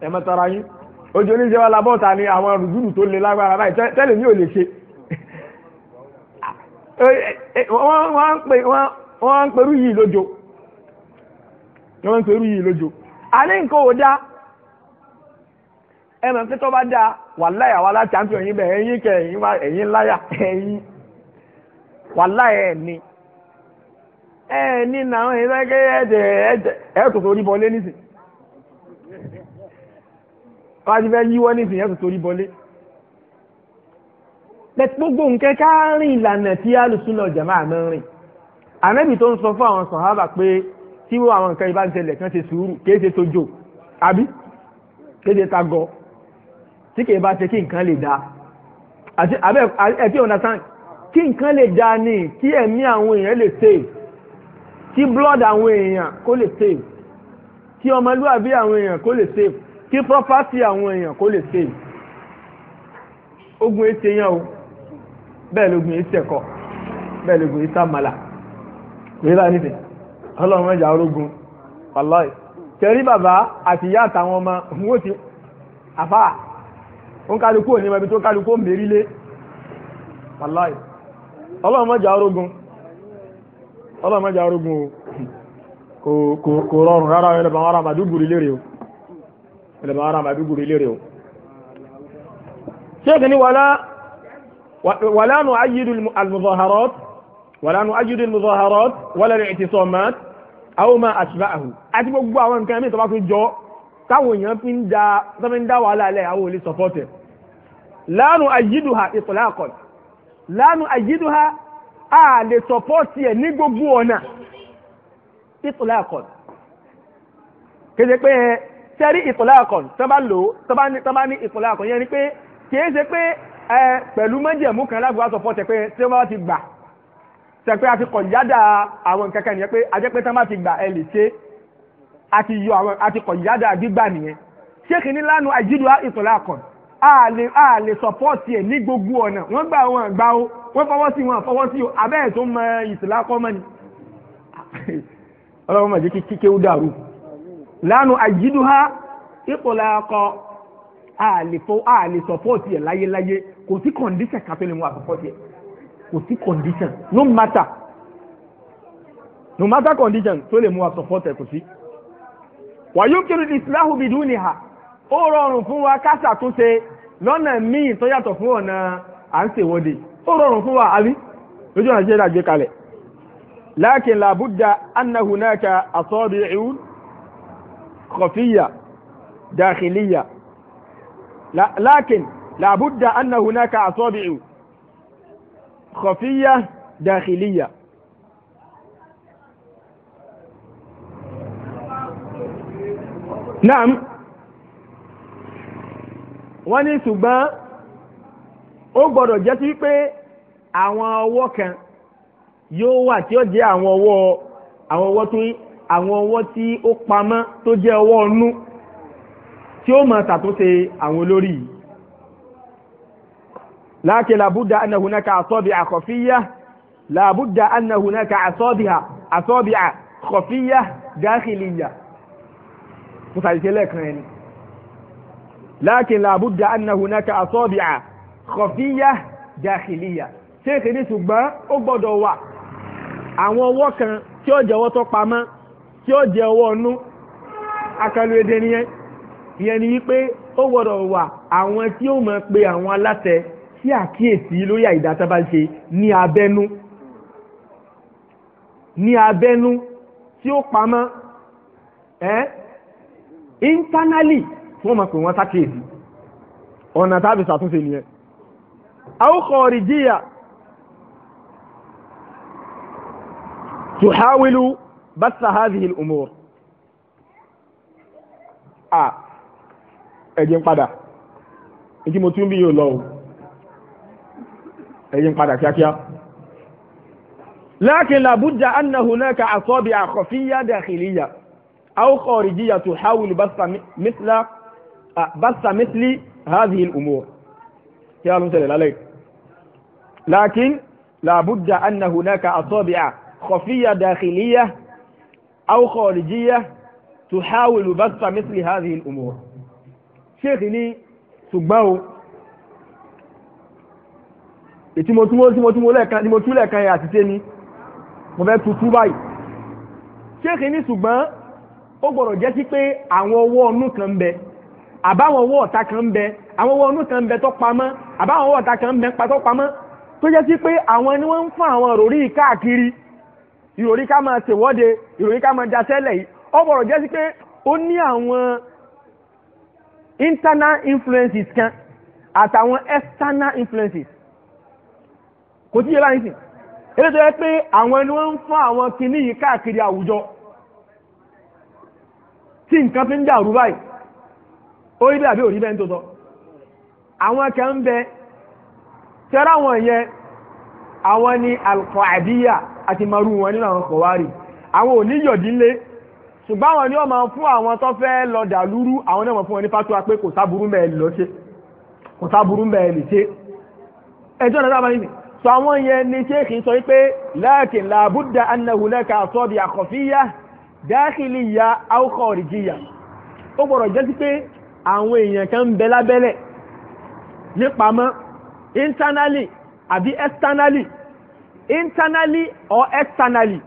ẹ mọ tọrọ yín ojú oníṣẹ́ wa labọ́ta ni àwọn rùdúrù le lágbára báyìí tẹ́lẹ̀ mi ò lè ṣe wọ́n ń perú yìí lójo wọ́n ń perú yìí a ní nǹkan ò dá ẹ mọ̀ pé tó bá dá wàláyà àwa champion yín bẹ́ẹ̀ ẹ̀yin kẹ ẹ̀yin wá láyà ẹ̀ ni ẹ̀ ní nàá wọ́n ti fẹ́ yíwọ́ nísìnyí ẹ̀sùn torí bọlé. gbogbo nǹkan ká rìn ìlànà tí alùsùn lọ jàmá àmọ́ rìn ànábì tó ń sọ fún àwọn sàhábà pé tí wọ́n àwọn nǹkan ìbánisẹ̀lẹ̀ kan ṣe sùúrù kìí ṣe tójò àbí kìí ṣe tagọ tí kìí bá ṣe kí nǹkan lè dáa àti àbẹ ẹ̀tí understand kí nǹkan lè dáa ni kí ẹ̀mí àwọn èèyàn lè save kí blood àwọn èèyàn kó lè save kí ọmọlúwàbí àwọn èèyàn kó lè save kí property àwọn èèyàn kó lè ṣe ogun ètè o bẹ́ẹ̀ lógun ètè ẹ̀kọ́ bẹ́ẹ̀ lógun ètè àmàlà kò yẹ báyìí ọlọ́run ẹ̀jà ológun tẹ̀rí bàbá àti ìyá àtàwọn ọmọ òun ti àfà òun kálukú òní ẹbí tó kálukú ó mérí lé wàláì ọlọ́run ẹ̀jà ológun ọlọ́run ẹ̀jà ológun o kò rọrùn rárá ẹlẹ́bàá wọn ará màdúgbùrú lérè o. ìlànà ara màbí gùrù ilé rẹ̀ o. ṣéèkì ni wàlá nu ayidu almuzaharat wàlá nu ayidu almuzaharat wàlá ní ìtìsọ̀mát àwọn máa àṣìbá àhù àti gbogbo àwọn nǹkan mìíràn tó bá fi jọ táwọn èèyàn fi ń da tó fi ń dá wàhálà alẹ́ àwọn olè sọ̀pọ̀tẹ̀ lánu ayidu ha ìtòlákọ̀ lánu ayidu ha a lè sọ̀pọ̀tì ẹ̀ ní gbogbo ọ̀nà ìtòlákọ̀ kéde pé sẹ́rí ìpínlẹ̀ àkọ́n tó bá lò tó bá ní ìpínlẹ̀ àkọ́n yẹn ni pé kì í ṣe pé ẹ pẹ̀lú mọ́jẹ̀mú kan lágbàá sọ fọ́ tẹ pé tí wọ́n bá ti gbà tẹ pé a ti kọ̀ yáda àwọn nǹkan kan nìyẹn pé a jẹ́ pé tí wọ́n bá ti gbà ẹ lè ṣe a ti yọ àwọn a ti kọ̀ yáda gbígbà nìyẹn ṣé kìíní lánàá àìjídùá ìpínlẹ̀ àkọ́n a lè a lè sọpọ́ọ̀tì ẹ̀ ní gbogbo ọ̀nà wọ́n gbà wọn gbà ó wọ́n fọwọ́ sí wọn fọwọ́ sí o abẹ́ẹ̀ tó mọ ìsìlákọ́ mọ́ni ọlọ́run mọ̀ jẹ́ kí kíkéwú dàrú lánàá àyídùhá ìpòlàkọ àlèfò àlèsọ̀pọ̀tì ẹ̀ láyéláyé kò sí kọ̀ǹdíṣàn kátó lè mú àsọ̀pọ̀tì kò sí condition no matter no matter condition tó lè mú ẹ kò sí. wàyó kiri islahu biduniha ó rọrùn fún wa ká ṣàtúnṣe lọ́nà míì tó yàtọ̀ fún ọ̀nà à ń ṣèwọ́de ó rọrùn fún wa àbí lójú خفية داخلية لا لكن لابد أن هناك أصابع خفية داخلية نعم wọ́n ní ṣùgbọ́n ó gbọ́dọ̀ jẹ́ sí pé àwọn ọwọ́ kan yóò wà tí ó jẹ́ àwọn ọwọ́ tó àwọn ọwọ́ tí ó pamọ́ tó jẹ́ ọwọ́ ọnú tí ó máa ṣàtúnṣe àwọn olórí yìí láàkè làbúdà anna hunaka àsọ́bì àkọ́fíyà làbúdà anna hunaka àsọ́bì àsọ́bì àkọ́fíyà dákìlìyà mo ṣàṣìṣe lẹ́ẹ̀kan ẹni láàkè làbúdà anna hunaka àsọ́bì àkọ́fíyà dákìlìyà ṣé èké tí ó jẹ ọwọ́ ọnú akalu èdè yẹn ni wípé ó gbọ́dọ̀ wà àwọn tí ó mọ̀ pe àwọn aláṣẹ sí àkíyèsí lórí àìdá a ní abẹ́nú ní abẹ́nú tí ó pamọ́ ẹ́ internally tí wọ́n ọ̀nà tábí بث هذه الأمور آه ẹ̀jẹ̀ ń padà èyí بيو لو bí yóò lọ o لكن لابد أن هناك أصابع خفية داخلية أو خارجية تحاول بث مثل آه، بث مثل هذه الأمور يا المسلم عليك لكن لابد أن هناك أصابع خفية داخلية أو خارجية تحاول basta مثل هذه الأمور. umur sheikh ni ṣùgbọ́n o ètí mo túmọ̀ tí mo túmọ̀ lẹ́ẹ̀kan tí mo tú lẹ́ẹ̀kan yẹn àti tẹ́ni mo fẹ́ tutù báyìí sheikh ni ṣùgbọ́n ó gbọ́dọ̀ jẹ́ sí pé àwọn ọwọ́ ọ̀nù kan ń bẹ àbáwọn ọwọ́ ọ̀tá kan ń bẹ àwọn ọwọ́ ọ̀nù kan ń bẹ tó pamọ́ àbáwọn ọwọ́ ọ̀tá kan ń bẹ tó pamọ́ tó jẹ́ sí pé àwọn ni wọ́n ń fún àwọn òròrí káàkiri ìròrí ká máa ṣèwọ́de ìròrí ká máa dasẹ́lẹ̀ yìí ọ̀bọ̀rọ̀ jẹ́ sí pé ó ní àwọn internal influences kan àtàwọn external influences kò tí yẹ báyìí sìn eléyìí tó yẹ pé àwọn ni wọ́n ń fún àwọn kinní yìí káàkiri àwùjọ tí nǹkan fi ń dàrú báyìí ó rí bẹ́ẹ̀ àbí ò bẹ́ẹ̀ ń tó sọ àwọn akẹ́ ń bẹ tẹ́rọ àwọn yẹn àwọn ni alqaadiyya àti marú wọn nínú àwọn kọ̀wárì àwọn ò ní yọ̀dínlé ṣùgbọ́n àwọn ni wọ́n máa fún àwọn tó fẹ́ lọ dàlúrú àwọn náà máa fún wọn ní fatuwa pé kò sáburú mẹ́ẹ̀ lọ ṣe kò sáburú mẹ́ẹ̀ lè ṣe ẹjọ́ náà sábà nìyí sọ àwọn yẹn ní ṣé kì í sọ pé lakin làbúdà anahunaka àsọ̀bì àkọ́fíyà dákìlìyà àwòkọ̀ọ̀rìjìyà ó gbọ́dọ̀ jẹ́ sí pé àwọn èèyàn kan ń bẹ lábẹ́lẹ̀ nípamọ́ internally àbí externally internally or externally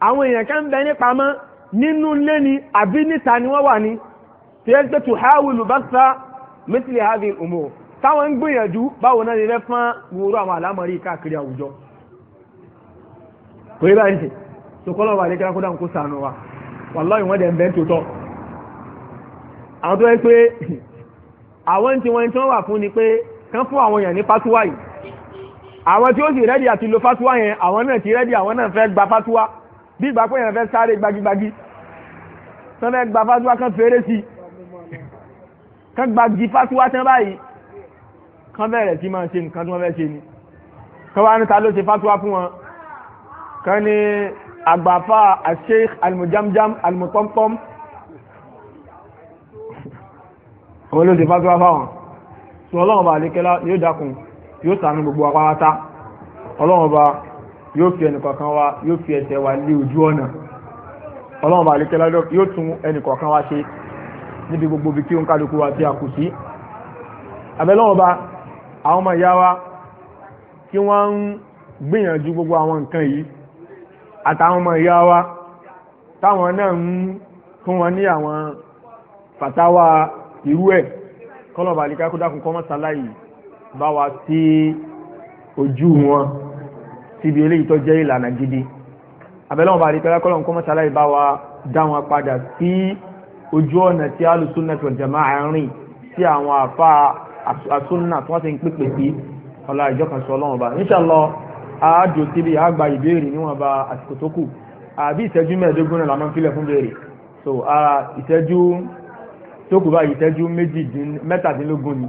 àwọn èèyàn kan bẹ ní pamọ́ nínú ilé ni àbí níta ni wọ́n wà ní tí wọ́n ń tètè hawulu basa mithli hadhihi umur táwọn ń gbìyànjú báwo náà ni fẹ́ fún wúrú àwọn àlámọ̀rí káàkiri àwùjọ kò yẹ báyìí sokolo wa alekera kódà ń kó sànù wa wàláyé wọn dẹ̀ ń bẹ́ tòótọ́ àwọn tó yẹ pé àwọn tí wọ́n ti wọ́n wà fún ni pé kán fún àwọn èèyàn ní fatuwa àwọn tí ó sì rẹ́dì àti lo fatuwa yẹn àwọn náà ti rẹ́dì àwọn náà fẹ́ gba fatuwa bí ìgbà pé yẹn fẹ́ sáré gbagigbagi tán fẹ́ gba fatuwa kan fèrè sí kan gbagi fatuwa tán báyìí kan bẹ̀rẹ̀ sí máa ṣe nǹkan tí wọ́n fẹ́ ṣe ni kan wá ní ta ló ṣe fatuwa fún wọn kan ní àgbàfà Sheikh almujamjam almutomtom òun ló ṣe fatuwa fáwọn sùn ọlọ́run bàálí kẹlá yóò dákun yóò sànú gbogbo apáta ọlọ́run ọba yóò fi ẹnìkọ̀ọ̀kan wa yóò fi ẹsẹ̀ wa lé ojú ọ̀nà ọlọ́run ọba àlékẹ́lá yóò tún ẹnìkọ̀ọ̀kan wa ṣe níbi gbogbo ibi tí ó ń kálukú wa tí a kù sí abẹ́lọ́run ọba àwọn ọmọ ìyá wa tí wọ́n ń gbìyànjú gbogbo àwọn nǹkan yìí àtàwọn ọmọ ìyá wa táwọn náà ń fún wọn ní àwọn fàtáwà irú ẹ̀ kọ́lọ̀ bàlíkà kó dákun kọ́mọ́sáláyìí bá wa sí ojú wọn síbi eléyìí tó jẹ́ ìlànà gidi abẹ́lẹ́ wọn bá rí pẹ́lá kọ́lọ́n kọ́mọ́ sáláì bá wa dá wọn padà sí ojú ọ̀nà tí alùsùnàtì wal jama'a rìn sí àwọn àfa àsùnà tí wọ́n ti ń pèpè sí ọ̀la ìjọ kan sọ ọlọ́run ọba inshallah àádùn síbi àgbà ìbéèrè níwọ̀nba àsìkò tó kù àbí ìṣẹ́jú mẹ́ẹ̀ẹ́dógún náà la máa ń filẹ̀ fún béèrè so ìṣẹ́jú tó kù báyìí ìṣẹ́jú méjìdín mẹ́tàdínlógún ni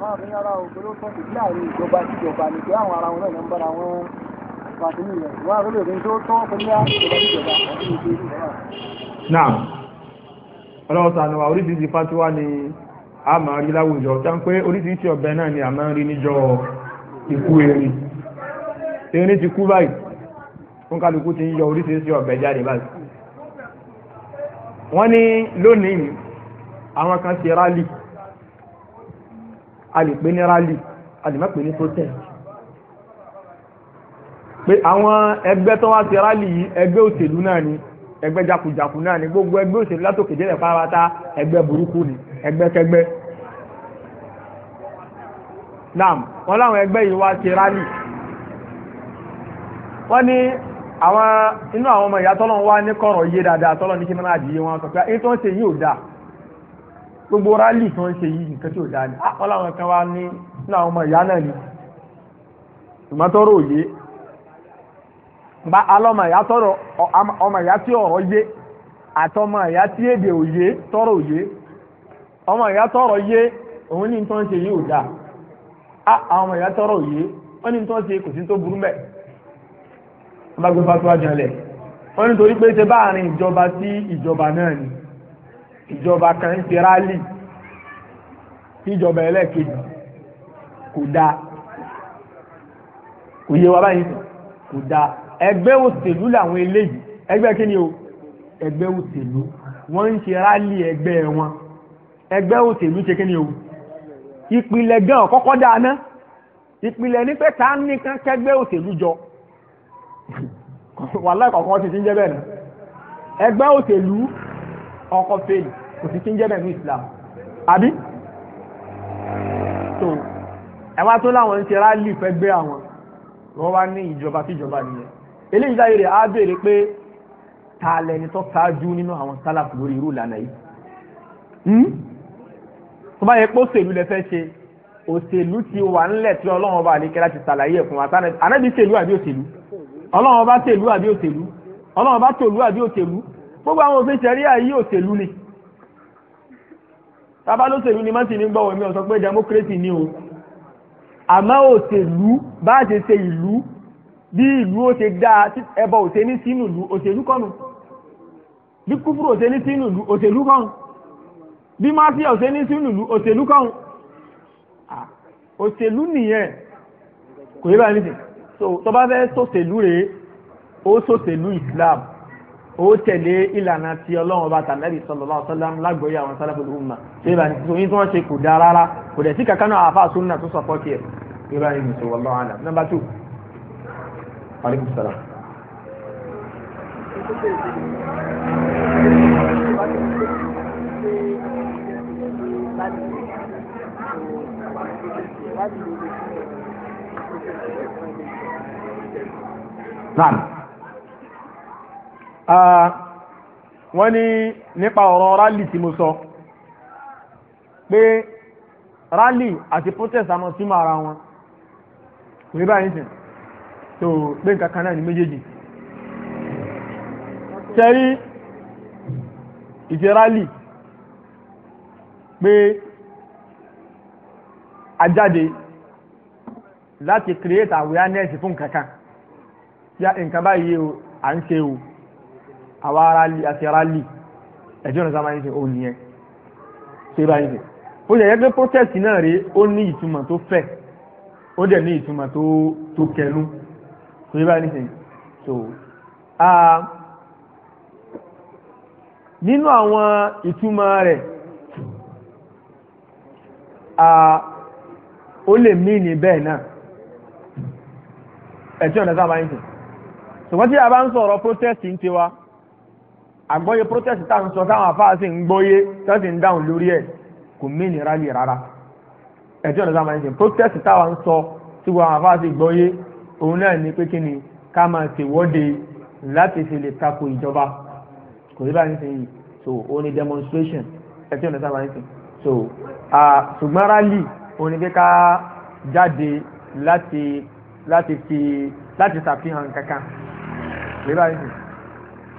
máa fi ara ògbóló tó ti láàrin ìjọba ìjọba ni pé àwọn ara wọn náà ń bára wọn pàtó nìyẹn wọn àrùn lè tó tó fún yá ìjọba ìjọba àti ìjọba ìjọba. náà ọlọ́run sànù wa oríṣiríṣi fatiwa ni a máa rí láwùjọ tá pé oríṣiríṣi ọ̀bẹ náà ni a máa ń rí níjọ ikú erin erin ti kú báyìí fún kálukú ti ń yọ oríṣiríṣi ọ̀bẹ jáde báyìí wọ́n ní lónìí àwọn kan ti rálì a lè ní rali a lè má ní protest pé àwọn ẹgbẹ́ tó wá sí rali yìí ẹgbẹ́ òṣèlú náà ni ẹgbẹ́ jakujaku náà ni gbogbo ẹgbẹ́ òṣèlú látòkè délẹ̀ pátá ẹgbẹ́ burúkú ni ẹgbẹ́ kẹgbẹ́ naam wọn láwọn ẹgbẹ́ yìí wá sí rali wọ́n ní àwọn inú àwọn ọmọ ìyá tọ́lọ́ wá ní kọ̀rọ̀ yé dáadáa tọ́lọ́ ní kí n máa dìé wọn sọ pé èyí tó ń ṣe yìí ò dáa gbogbo rálì tó ń ṣe yìí nǹkan tí ò dáa ah, kan wá ní nínú ọmọ ìyá náà ni tọrọ ọmọ ìyá tí ọ̀rọ̀ yé àtọmọ tọrọ òye ọmọ ìyá tọrọ yé òun ní tó ń ṣe yìí ah, ọmọ ìyá tọrọ òye wọ́n ní tó ń ṣe kò sí tó burú mẹ́ wọ́n ìjọba kan ń ṣe rálì ìjọba ẹlẹ́ẹ̀kejì kò dáa kò yé wa báyìí kò dáa ẹgbẹ́ òṣèlú làwọn eléyìí ẹgbẹ́ kí ni o ẹgbẹ́ òṣèlú wọ́n ń ṣe rálì ẹgbẹ́ wọn ẹgbẹ́ òṣèlú ṣe kí ni o ìpìlẹ̀ gan kọ́kọ́ dáná ìpìlẹ̀ ní pé ta nìkan kẹgbẹ́ òṣèlú jọ wàhálà kọ̀ọ̀kan ti ti ń jẹ́ bẹ́ẹ̀ náà ẹgbẹ́ òṣèlú ọkọ̀ fèlì kò sí tí ń jẹ́ bẹ́ẹ̀ ní Islam àbí tó ẹ̀wá tó láwọn ń ṣe rálì fẹ́ gbé àwọn wọ́n wá ní ìjọba tí ìjọba nìyẹn eléyìí láyé rẹ̀ á béèrè pé ta lẹni tó ṣáájú nínú àwọn sálàfù lórí irú ìlànà yìí hmm? tó bá yẹ pé òṣèlú lẹ fẹ́ ṣe òṣèlú ti wà ńlẹ̀ tí ọlọ́run ọba àlékẹ́lá ti ṣàlàyé ẹ̀kún wa ànábi ṣèlú àbí òṣèlú ọlọ́run ọba ṣèlú àbí òṣèlú ọlọ́run ọba tòlú àbí òṣèlú gbogbo àwọn òfin ṣẹ̀ríà òṣèlú ni tábà lóṣèlú ni mọ́tì ní gbọ́wọ́ mi ò sọ pé democracy ni o àmọ́ òṣèlú bá a ṣe ṣe ìlú bí ìlú ó ṣe dáa ẹbọ ò ṣe ní sínú ìlú òṣèlú kọ́nu bí kúfúrú ò ṣe ní sínú ìlú òṣèlú kọ́nu bí máfíà ò ṣe ní sínú ìlú òṣèlú kọ́nu òṣèlú nìyẹn kò yẹ báyìí nìyẹn tó bá fẹ́ sòṣèlú rèé ó sòṣèlú Islam. O tẹ̀lé ìlànà ti ọlọ́run ọba tànẹ́bì sallallahu alaihi wasallam lágbóyè àwọn sálàbùlù umma ṣé ìbáni tó yín tí wọ́n ṣe kò dáa rárá kò dẹ̀ sí kankan náà àfa sunna tó sọ fọ́ọ̀kì ẹ̀ ìbáni mi sọ̀rọ̀ lọ́wọ́ àná. nọ́mbà two aleykum salaam. Naam wọ́n ní nípa ọ̀rọ̀ rálì tí mo sọ pé rálì àti protest àmọ́ símọ́ ara wọn kò ní báyìí sìn tó pé nǹkan kan náà ní méjèèjì tẹ́rí ìṣe rálì pé ajáde láti create awareness fún nǹkan kan ya nǹkan báyìí o à ń ṣe o àwa arali àti arali ẹjọ́ náà sábà ń ṣe òun yẹn ṣé báyìí ṣe ó yẹ pé protest náà rèé ó ní ìtumọ̀ tó fẹ̀ ó dẹ̀ ní ìtumọ̀ tó tó kẹnu ṣé báyìí ṣe so nínú àwọn ìtumọ̀ rẹ̀ ó lè mí ní bẹ́ẹ̀ náà ẹjọ́ náà sábà ń ṣe ṣùgbọ́n a bá ń sọ̀rọ̀ protest ń tiwa àgbọ́yé protest tá à ń sọ táwọn afáà sì ń gbọ́yé tó sì ń dáhùn lórí ẹ̀ kò mí ní rally rárá ẹ̀jọ́ ọ̀dọ́ sáà ṣe protest táwa ń sọ tí wọ́n afáà sì gbọ́yé òun náà ní pé kí ni ká máa ṣèwọ́de láti fi lè tako ìjọba kò rí báyìí sìn so ó ní demonstration ẹ̀jọ́ ọ̀dọ́ sáà ṣe so ṣùgbọ́n rally òun ní pé ká jáde láti láti fi láti ṣàfihàn kankan kò rí báyìí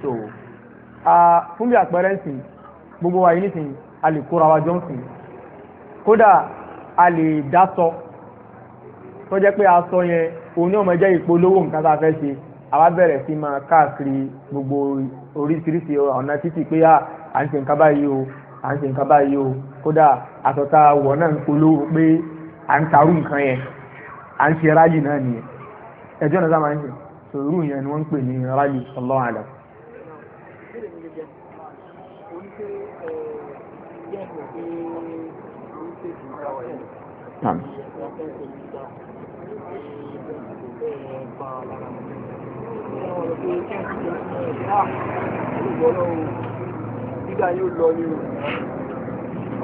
sìn so fún bí àpẹẹrẹ ń sìn gbogbo wa yìí nísìnyí a lè kóra wa jọ ń sìn kódà a lè dá sọ tó jẹ́ pé aṣọ yẹn òun ní ọmọ jẹ́ ìpolówó nǹkan tá a fẹ́ ṣe àwa bẹ̀rẹ̀ sí máa káàkiri gbogbo oríṣiríṣi ọ̀nà títì pé à ń ṣe nǹkan báyìí o à ń ṣe nǹkan báyìí o kódà aṣọ tá a wọ̀ náà ń polówó pé à ń tarú nǹkan yẹn à ń ṣe ráàyè náà nìyẹn ẹjọ́ náà sábà ń ṣe sòrú yẹn ni wọ́n ń pè ní ráàyè ọlọ́run àlọ́ Gíga yóò lọ ní o.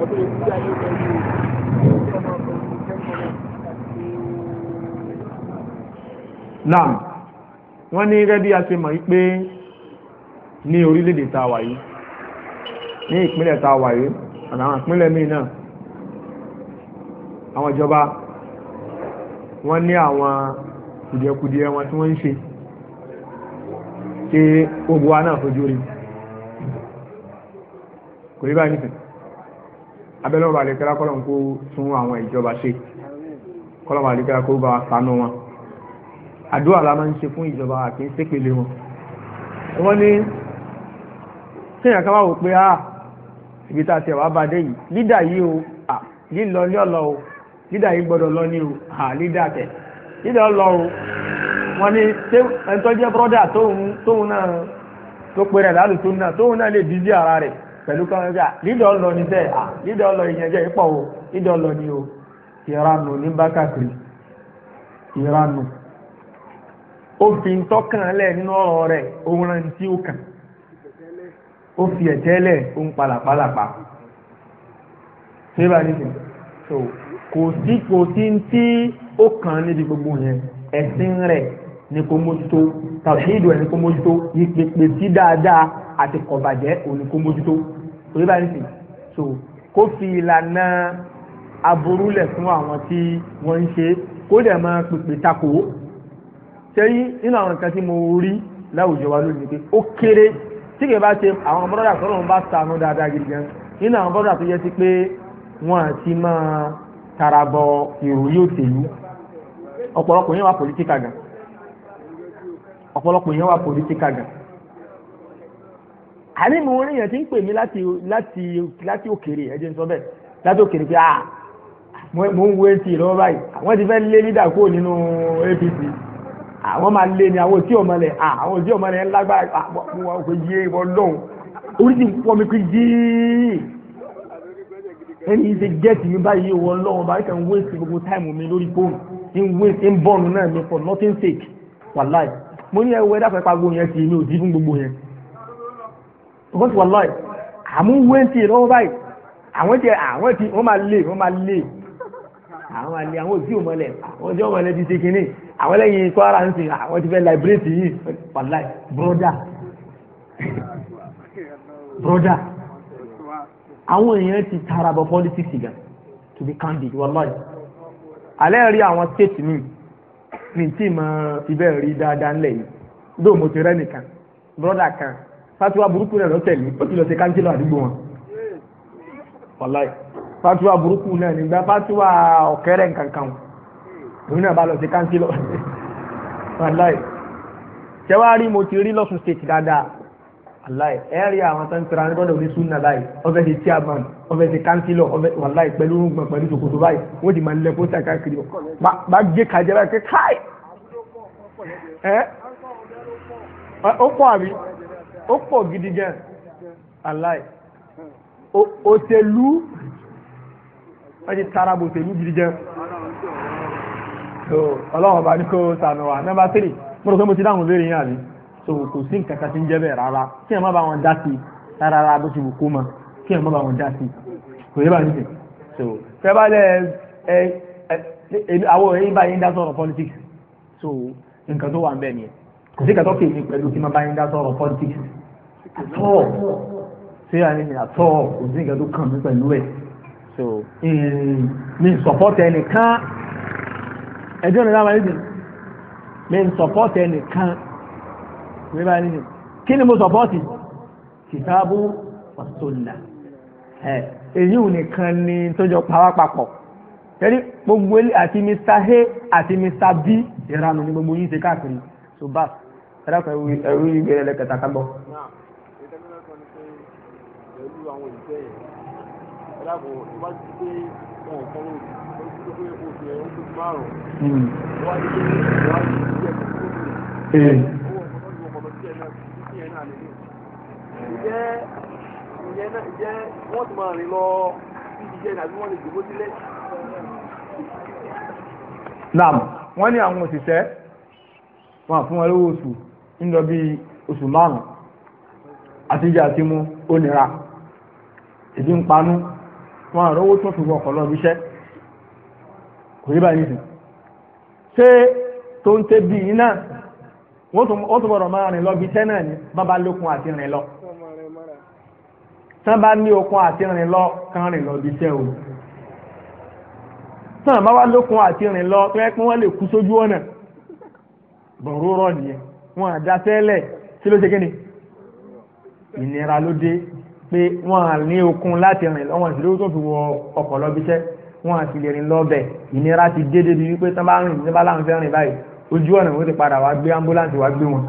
Ọdún yìí gíga yóò lọ ní o. wọ́n ní gẹ́gẹ́ bí a ṣe mọ̀ pé ní orílẹ̀-èdè tá wà yìí, ní ìpínlẹ̀ tá wà yìí àtàwọn ìpínlẹ̀ míì náà àwọn ìjọba wọ́n ní àwọn kùdìẹ̀kùdìẹ̀ wọn tí wọ́n ń ṣe kí gbogbo wa náà fojú rí kò rí báyìí nìkan abẹ́lẹ́ ọba àlekẹ́lá kọ́lọ́n kó tún àwọn ìjọba ṣe kọ́lọ́n ọba àlekẹ́lá kó bá ṣàánú wọn àdúrà la máa ń ṣe fún ìjọba àti ṣépele wọn wọ́n ní kéèyàn ká pé ah ibi tá a tẹ̀ wá bá dé yìí lídà yìí o lílọ ní ọ̀lọ́ o lídà yìí gbọ́dọ̀ lọ ní o lídà tẹ̀ lídà ọ̀lọ́ o wọ́n ní ṣé ẹni tó jẹ́ tóun tóun náà tó pe rẹ̀ lálù tóun náà tóun náà lè dídí ara rẹ̀ pẹ̀lú kan ẹgbẹ́ lídà ọ̀lọ́ ni sẹ́ lídà ọ̀lọ́ ìyẹn jẹ́ ipò o lídà ọ̀lọ́ ni o ìranù ní bákàkiri ìranù ó fi ń tọ́kàn lẹ̀ nínú ọ̀rọ̀ rẹ̀ òun rántí ó kàn ó fi ẹ̀tẹ́lẹ̀ ó ń palàpalàpà ṣébà nìkan so kò sí kò sí tí ó kàn níbi gbogbo yẹn ẹ̀sìn rẹ̀ ní kó mójútó tàwíìdù ẹ̀ ní kó mójútó ìpèpè sí dáadáa àti kọ̀bàjẹ́ òní kó mójútó ṣébà nìkan so kó fi ìlànà aburú lẹ̀ fún àwọn tí wọ́n ń ṣe kó dẹ̀ máa pèpè takò sẹ́yìn nínú àwọn nǹkan tí mo rí láwùjọ wa lónìí pé ó kéré tí kì í bá ṣe àwọn bọ́dà tó lòun bá sànú dáadáa gidi gan nínú àwọn bọ́dà tó yẹ sí pé wọ́n àti máa tara bọ ìròyìn òṣèlú ọ̀pọ̀lọpọ̀ yẹn wà pòlítíkà gan ọ̀pọ̀lọpọ̀ yẹn wà pòlítíkà gan àní mo rí yẹn tí ń pè mí láti láti láti òkèèrè ẹ jẹ́ n sọ bẹ́ẹ̀ láti òkèèrè pé ah mo ń wo etí lọ́wọ́ báyìí àwọn ti fẹ́ lé nídà kúrò nínú APC àwọn máa lé ni àwọn òtí ọmọlẹ àwọn òtí ọmọlẹ ńlágbára àwọn òkè yé wọn lọ́hùn orí ti ń pọ́ mi pé yéé ẹni ṣe gẹ́ẹ̀tì mi báyìí wọn lọ́wọ́ báyìí kan wéèsì gbogbo táìmù mi lórí fóònù ń wéèsì ń bọ́ọ̀nù náà mi for nothing sake wàláì mo ní ẹwẹ́ dáfẹ́ pa gbogbo yẹn ti mi ò dí fún gbogbo yẹn because wàláì àmú wéèsì lọ́wọ́ báyìí àwọn ti àwọn ti wọ́n máa lé wọ́n máa lé àwọn máa lé àwọn òsì òmọlẹ̀ àwọn òsì òmọlẹ̀ ti ṣe àwọn ẹlẹ́yin Kwara ń sìn àwọn ti fẹ́ láìbírètì yìí wàláì broda broda àwọn èèyàn ti tara bọ politics gan to be candid wàláì alẹ́ rí àwọn state mi mi tí mo fi bẹ́ẹ̀ rí dáadáa ńlẹ̀ yìí dóò mo ti rẹ́ nìkan broda kan fatuwa burúkú náà lọ tẹ̀lé ó ti lọ sí kánsílọ̀ àdúgbò wọn wàláì fatuwa burúkú náà nígbà fatuwa ọ̀kẹ́rẹ́ nkankan wọn òun náà bá lọ sí kánsílọ̀ aláì ṣẹwárí mo ti rí lọ́sùn state dáadáa aláì ẹ̀rí àwọn tó ń tẹ̀ra ní gbọ́dọ̀ ní sunna láì ọ̀fẹ́ ti chairman ọ̀fẹ́ ti kánsílọ̀ ọ̀fẹ́ wàláì pẹ̀lú rúgbọ̀n pẹ̀lú ṣòkòtò báyìí wọ́n ti máa ń lẹ pósítà káàkiri bá gé kàjẹ́ bá ké káì ẹ́ ó pọ̀ àbí ó pọ̀ gidi gan aláì òṣèlú wọ́n ti tara bòṣèlú gidi gan so ọlọ́run ọba ní kó sàmì wá nọ́mbà tírì mo rò pé mo ti dáhùn béèrè yín àbí so kò sí nǹkan kan tí ń jẹ́ bẹ́ẹ̀ rárá kí ẹ̀ má bá wọn dá sí rárá bó ti wù kó ma kí ẹ̀ má bá wọn dá sí kò yé bá ní sè so fẹ́ bá lẹ ẹ ẹ àwọn èyí bá yín dá sọ̀rọ̀ politics so nǹkan tó wà ń bẹ̀ nìyẹn kò sí kàtọ́kì mi pẹ̀lú kí n má bá yín dá sọ̀rọ̀ politics àtọ̀ ṣé àní mi àtọ̀ kò sí nǹkan tó kàn mí pẹ̀lú ẹ̀ so ní eh, ìsọ̀pọ̀tẹ̀ nìkan ẹjọ́ ní láwọn ẹ̀dín mi ń sọ̀pọ́tì ẹnìkan mi bá nìyẹn kí ni mo sọ̀pọ́tì kìtàbù ọ̀tọ̀là ẹ̀ èyí ò nìkan ni tó jọ pàápàpọ̀ tẹ́lẹ̀ gbogbo àti Mr A àti Mr B ìranù ni gbogbo yìí ṣe káàkiri tó bá ẹ̀rọ kan ẹ̀rú ìgbéra ẹlẹ́kẹta ká gbọ́. pẹ̀lú àwọn ìfẹ́ yẹn ẹ̀dàbọ̀ ìwádìí pé wọn ò fọwọ́ òbí Ǹjẹ́ wọ́n ti máa rìn lọ sí ìjẹ́ ìdàbí wọ́n lè dìbò sílẹ̀? Nam, wọ́n ní àwọn òṣìṣẹ́ wọn fún wọn lówó oṣù ńlọ bí oṣù márùn àtijọ́ àti mú ó nira ìdí ń panú wọn àrówó tó fi wọkọ̀ lọ bí iṣẹ́ kò yí báyìí sìn ṣé tó ń tẹ́ bíi náà wọ́n tún bọ̀rọ̀ máa rìn lọ bíi tẹ́ náà ni bàbá lókun àti rìn lọ tán bá ní okun àti rìn lọ kan rìn lọ bíi tẹ́ o tán bá wá lókun àti rìn lọ tó yẹ kí wọ́n lè kú sójú ọ̀nà bọ̀rọ̀ rọ̀ nìyẹn wọn àdá tẹ́lẹ̀ sí ló ṣe kí ni ìnira ló dé pé wọn à ní okun láti rìn lọ wọn sì lówó tó fi wọ ọkọ̀ lọ bíṣẹ́ wọn à sì lè rìn lọ bẹ́ẹ̀ ìnira ti dé débi wípé tán bá rìn tí bá láwọn fẹ́ rìn báyìí ojú ọ̀nà wọ́n ti padà wá gbé ambulance wá gbé wọn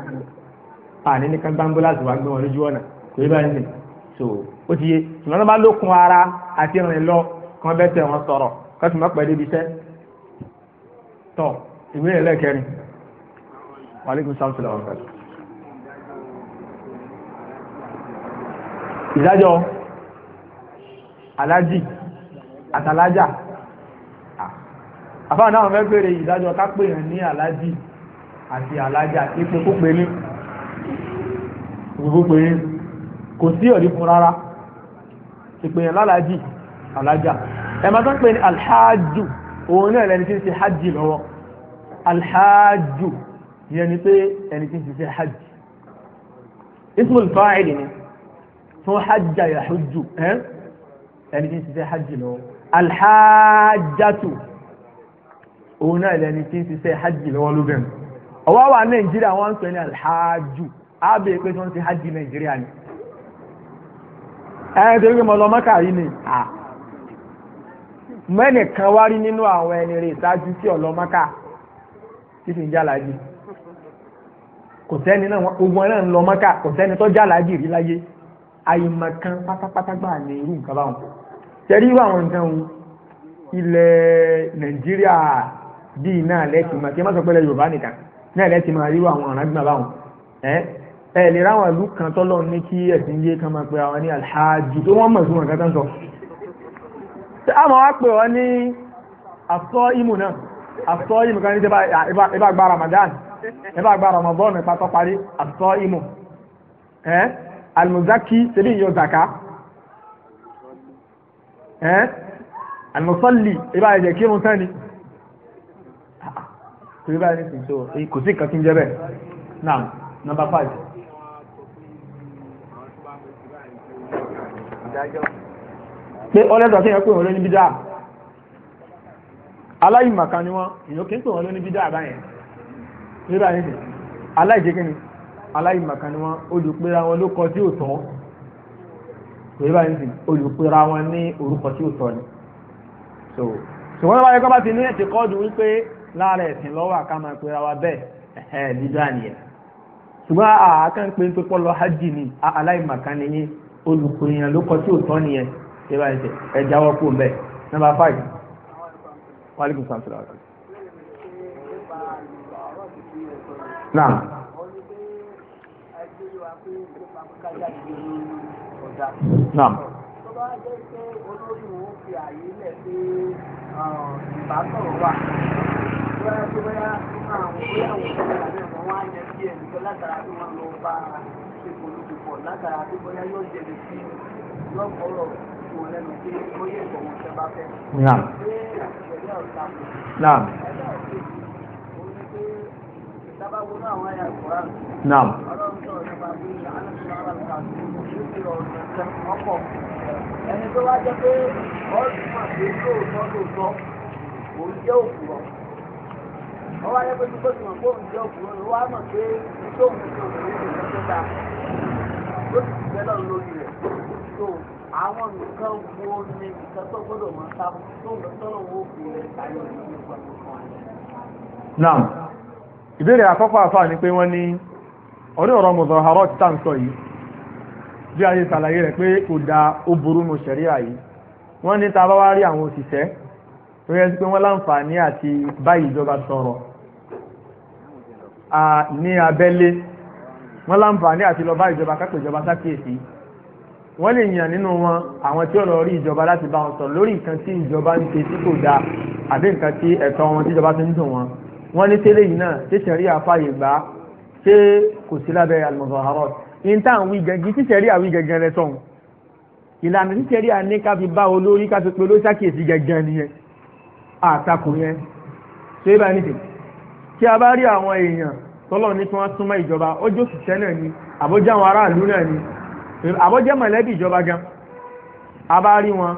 àní ní ká gbé ambulance wá gbé wọn lójú ọ̀nà kò yí báyìí so ó ti yé ṣùgbọ́n tó bá lókun ara àti rìn lọ kàn bẹ́ẹ̀ tẹ̀ wọ́n sọ̀rọ̀ kó sì má pẹ́ débi iṣẹ́ tọ̀ ìwé ẹlẹ́kẹrin wàlíkùn sáfìlà ọ̀fẹ́ ìdájọ́ alájì àtàlájà àfáà náà fẹ́ bèèrè ìdájọ́ ká pè yàn ní aláàjì àti aláàjà ipò púpé ní gbogbo pèrè kò sí ọ̀rí fún rárá ìpè yàn lálàájì aláàjà ẹ máa tán pè ní alhájù òun náà lẹni tí ń ṣe hajj lọ́wọ́ alhájù yẹn ni pé ẹni tí ń ṣe hajj ismul fa'ili ni fún hajja yahujju ẹni tí ń ṣe hajj lọ́wọ́ alhájàtù. òun náà lẹni tí ń ṣiṣẹ́ hajj lọ́wọ́ lóbẹ̀rún ọwọ́ wa nàìjíríà wọ́n ń pè ní alhaju ábẹ́ pé tí wọ́n ti hajj nàìjíríà ni ẹ̀yìn tó gbé mọ́ lọ ni à mẹ́nì kan nínú àwọn ẹni rẹ̀ ìtajú sí ọlọ́mọ́kà tí fi ń ogun náà ń lọ mọ́kà kò sẹ́ni tó jàlájì rí láyé kan pátápátá gbà ní irú nǹkan báwọn ṣe rí irú àwọn nǹkan ilẹ̀ nàìjíríà bíi náà lẹ́sìn máa kí ẹ má sọ pé ilẹ̀ Yorùbá nìkan náà lẹ́sìn máa ríru àwọn ọ̀ràn gbìmọ̀ báwọn ẹ ẹ lè ráwọn ìlú kan tọ́lọ́ ní kí ẹ̀sìn yé kan máa pe àwọn ní alhaji tó wọ́n mọ̀ sí wọn kan tán sọ. àmọ́ wá pè wọ́n ní àsọ ìmù náà àsọ ìmù kan ní ibà gba Ramadan ibà gba Ramadan nípa tó parí àsọ ìmù ẹ almuzaki ṣebí ìyọ zaka ẹ almusalli ibà ẹ̀jẹ̀ kírun sani kò yí báyìí nìsín so kò sí nǹkan tí ń jẹ́ bẹ́ẹ̀ now number five. pé ọlẹ́dọ̀ sí yẹn pé òun ló ní bídà aláìmọ̀ká ni wọ́n èèyàn kì í pè wọ́n ló ní bídà àbáyẹn kò yí báyìí nìsín aláìjẹ́kẹ́ ni aláìmọ̀ká ni wọ́n olùpẹ̀ra wọn ló kọ sí òtọ́ kò yí báyìí nìsín olùpẹ̀ra wọn ní orúkọ sí òtọ́ ni so ṣùgbọ́n báyìí kọ́ bá ti ní ẹ̀tẹ̀kọ́ọ̀dù lára ẹ̀sìn lọ́wọ́ àkàmà pera wa bẹ́ẹ̀ ẹ̀hẹ́ dídá nìyẹn ṣùgbọ́n àákàn pé pípọ́ lọ hajj ni aláìmọ̀kan nìyẹn olùkòyìn ló kọ tí ò tọ́ nìyẹn ṣé bá ń ṣe ẹ jáwọ́ kó bẹ́ẹ̀ nọ́mbà five wàlíkùn sàmùsùlà ọ̀sán. náà. náà. tó jẹ́ pé olórí òun fi àyè lẹ̀ pé ìbátọ̀rọ̀ wà látara tí bóyá yóò jẹ̀bi sí lọ́pọ̀lọ́ wọn lẹ́nu pé ó yẹ kó wọn ṣe bá fẹ́. Naam. Naam. Naam. Ẹni tó wá jẹ́ pé ọ́ọ́dún àti ìlú òótọ́ lóòótọ́ òun jẹ́ òkúrọ̀ ọwọ́ ayé pẹ̀lú pẹ̀lú wọn bóun jẹ́ òkúrò ló wá mọ̀ pé tó ń fi òun ní ìlú tó dáa ó sì ti bẹ́ẹ̀ lọ́rùn lórí rẹ̀ tó àwọn nǹkan wo ni nǹkan tó gbọ́dọ̀ máa ta tó ń tọ́nà owó fi rẹ̀ tayọ nínú ìgbà tó kàn án. ìbéèrè àkọ́kọ́ àfáà ni pé wọ́n ní orí ọ̀rọ̀ mùsọ̀hárọ̀ ti tàn yìí bí a ṣe ṣàlàyé rẹ̀ pé kò da ó burú mu ṣẹ̀ríà yìí wọ́n ní ta bá wá rí àwọn òṣìṣẹ́ tó yẹ sí pé wọ́n láǹfààní àti báyìí ìjọba sọ̀rọ̀ ní abẹ́lé wọ́n láǹfààní àti lọ bá ìjọba kápẹ́ ìjọba sákèsí wọ́n lè yàn nínú wọn àwọn tí ó lọ rí ìjọba láti bá wọn sọ̀rọ̀ lórí nǹkan tí ìjọba ń ṣe tí kò dáa àbí nǹkan tí ẹ̀tọ́ wọn tí ìjọba ti ń dùn wọn wọ́n ní tẹ́lẹ̀ yìí náà tẹ́sẹ̀ rí àfààyè gbà ṣé kò sí lábẹ́ al-muzaharat yín wí gẹ́gẹ́ tẹ́sẹ̀ rí tí a bá rí àwọn èèyàn tọ́lọ̀ ní kí wọ́n súnmọ́ ìjọba ó jó ṣiṣẹ́ ni àbójá àwọn aráàlú náà ni àbójá mọ̀lẹ́bí ìjọba gan a bá rí wọn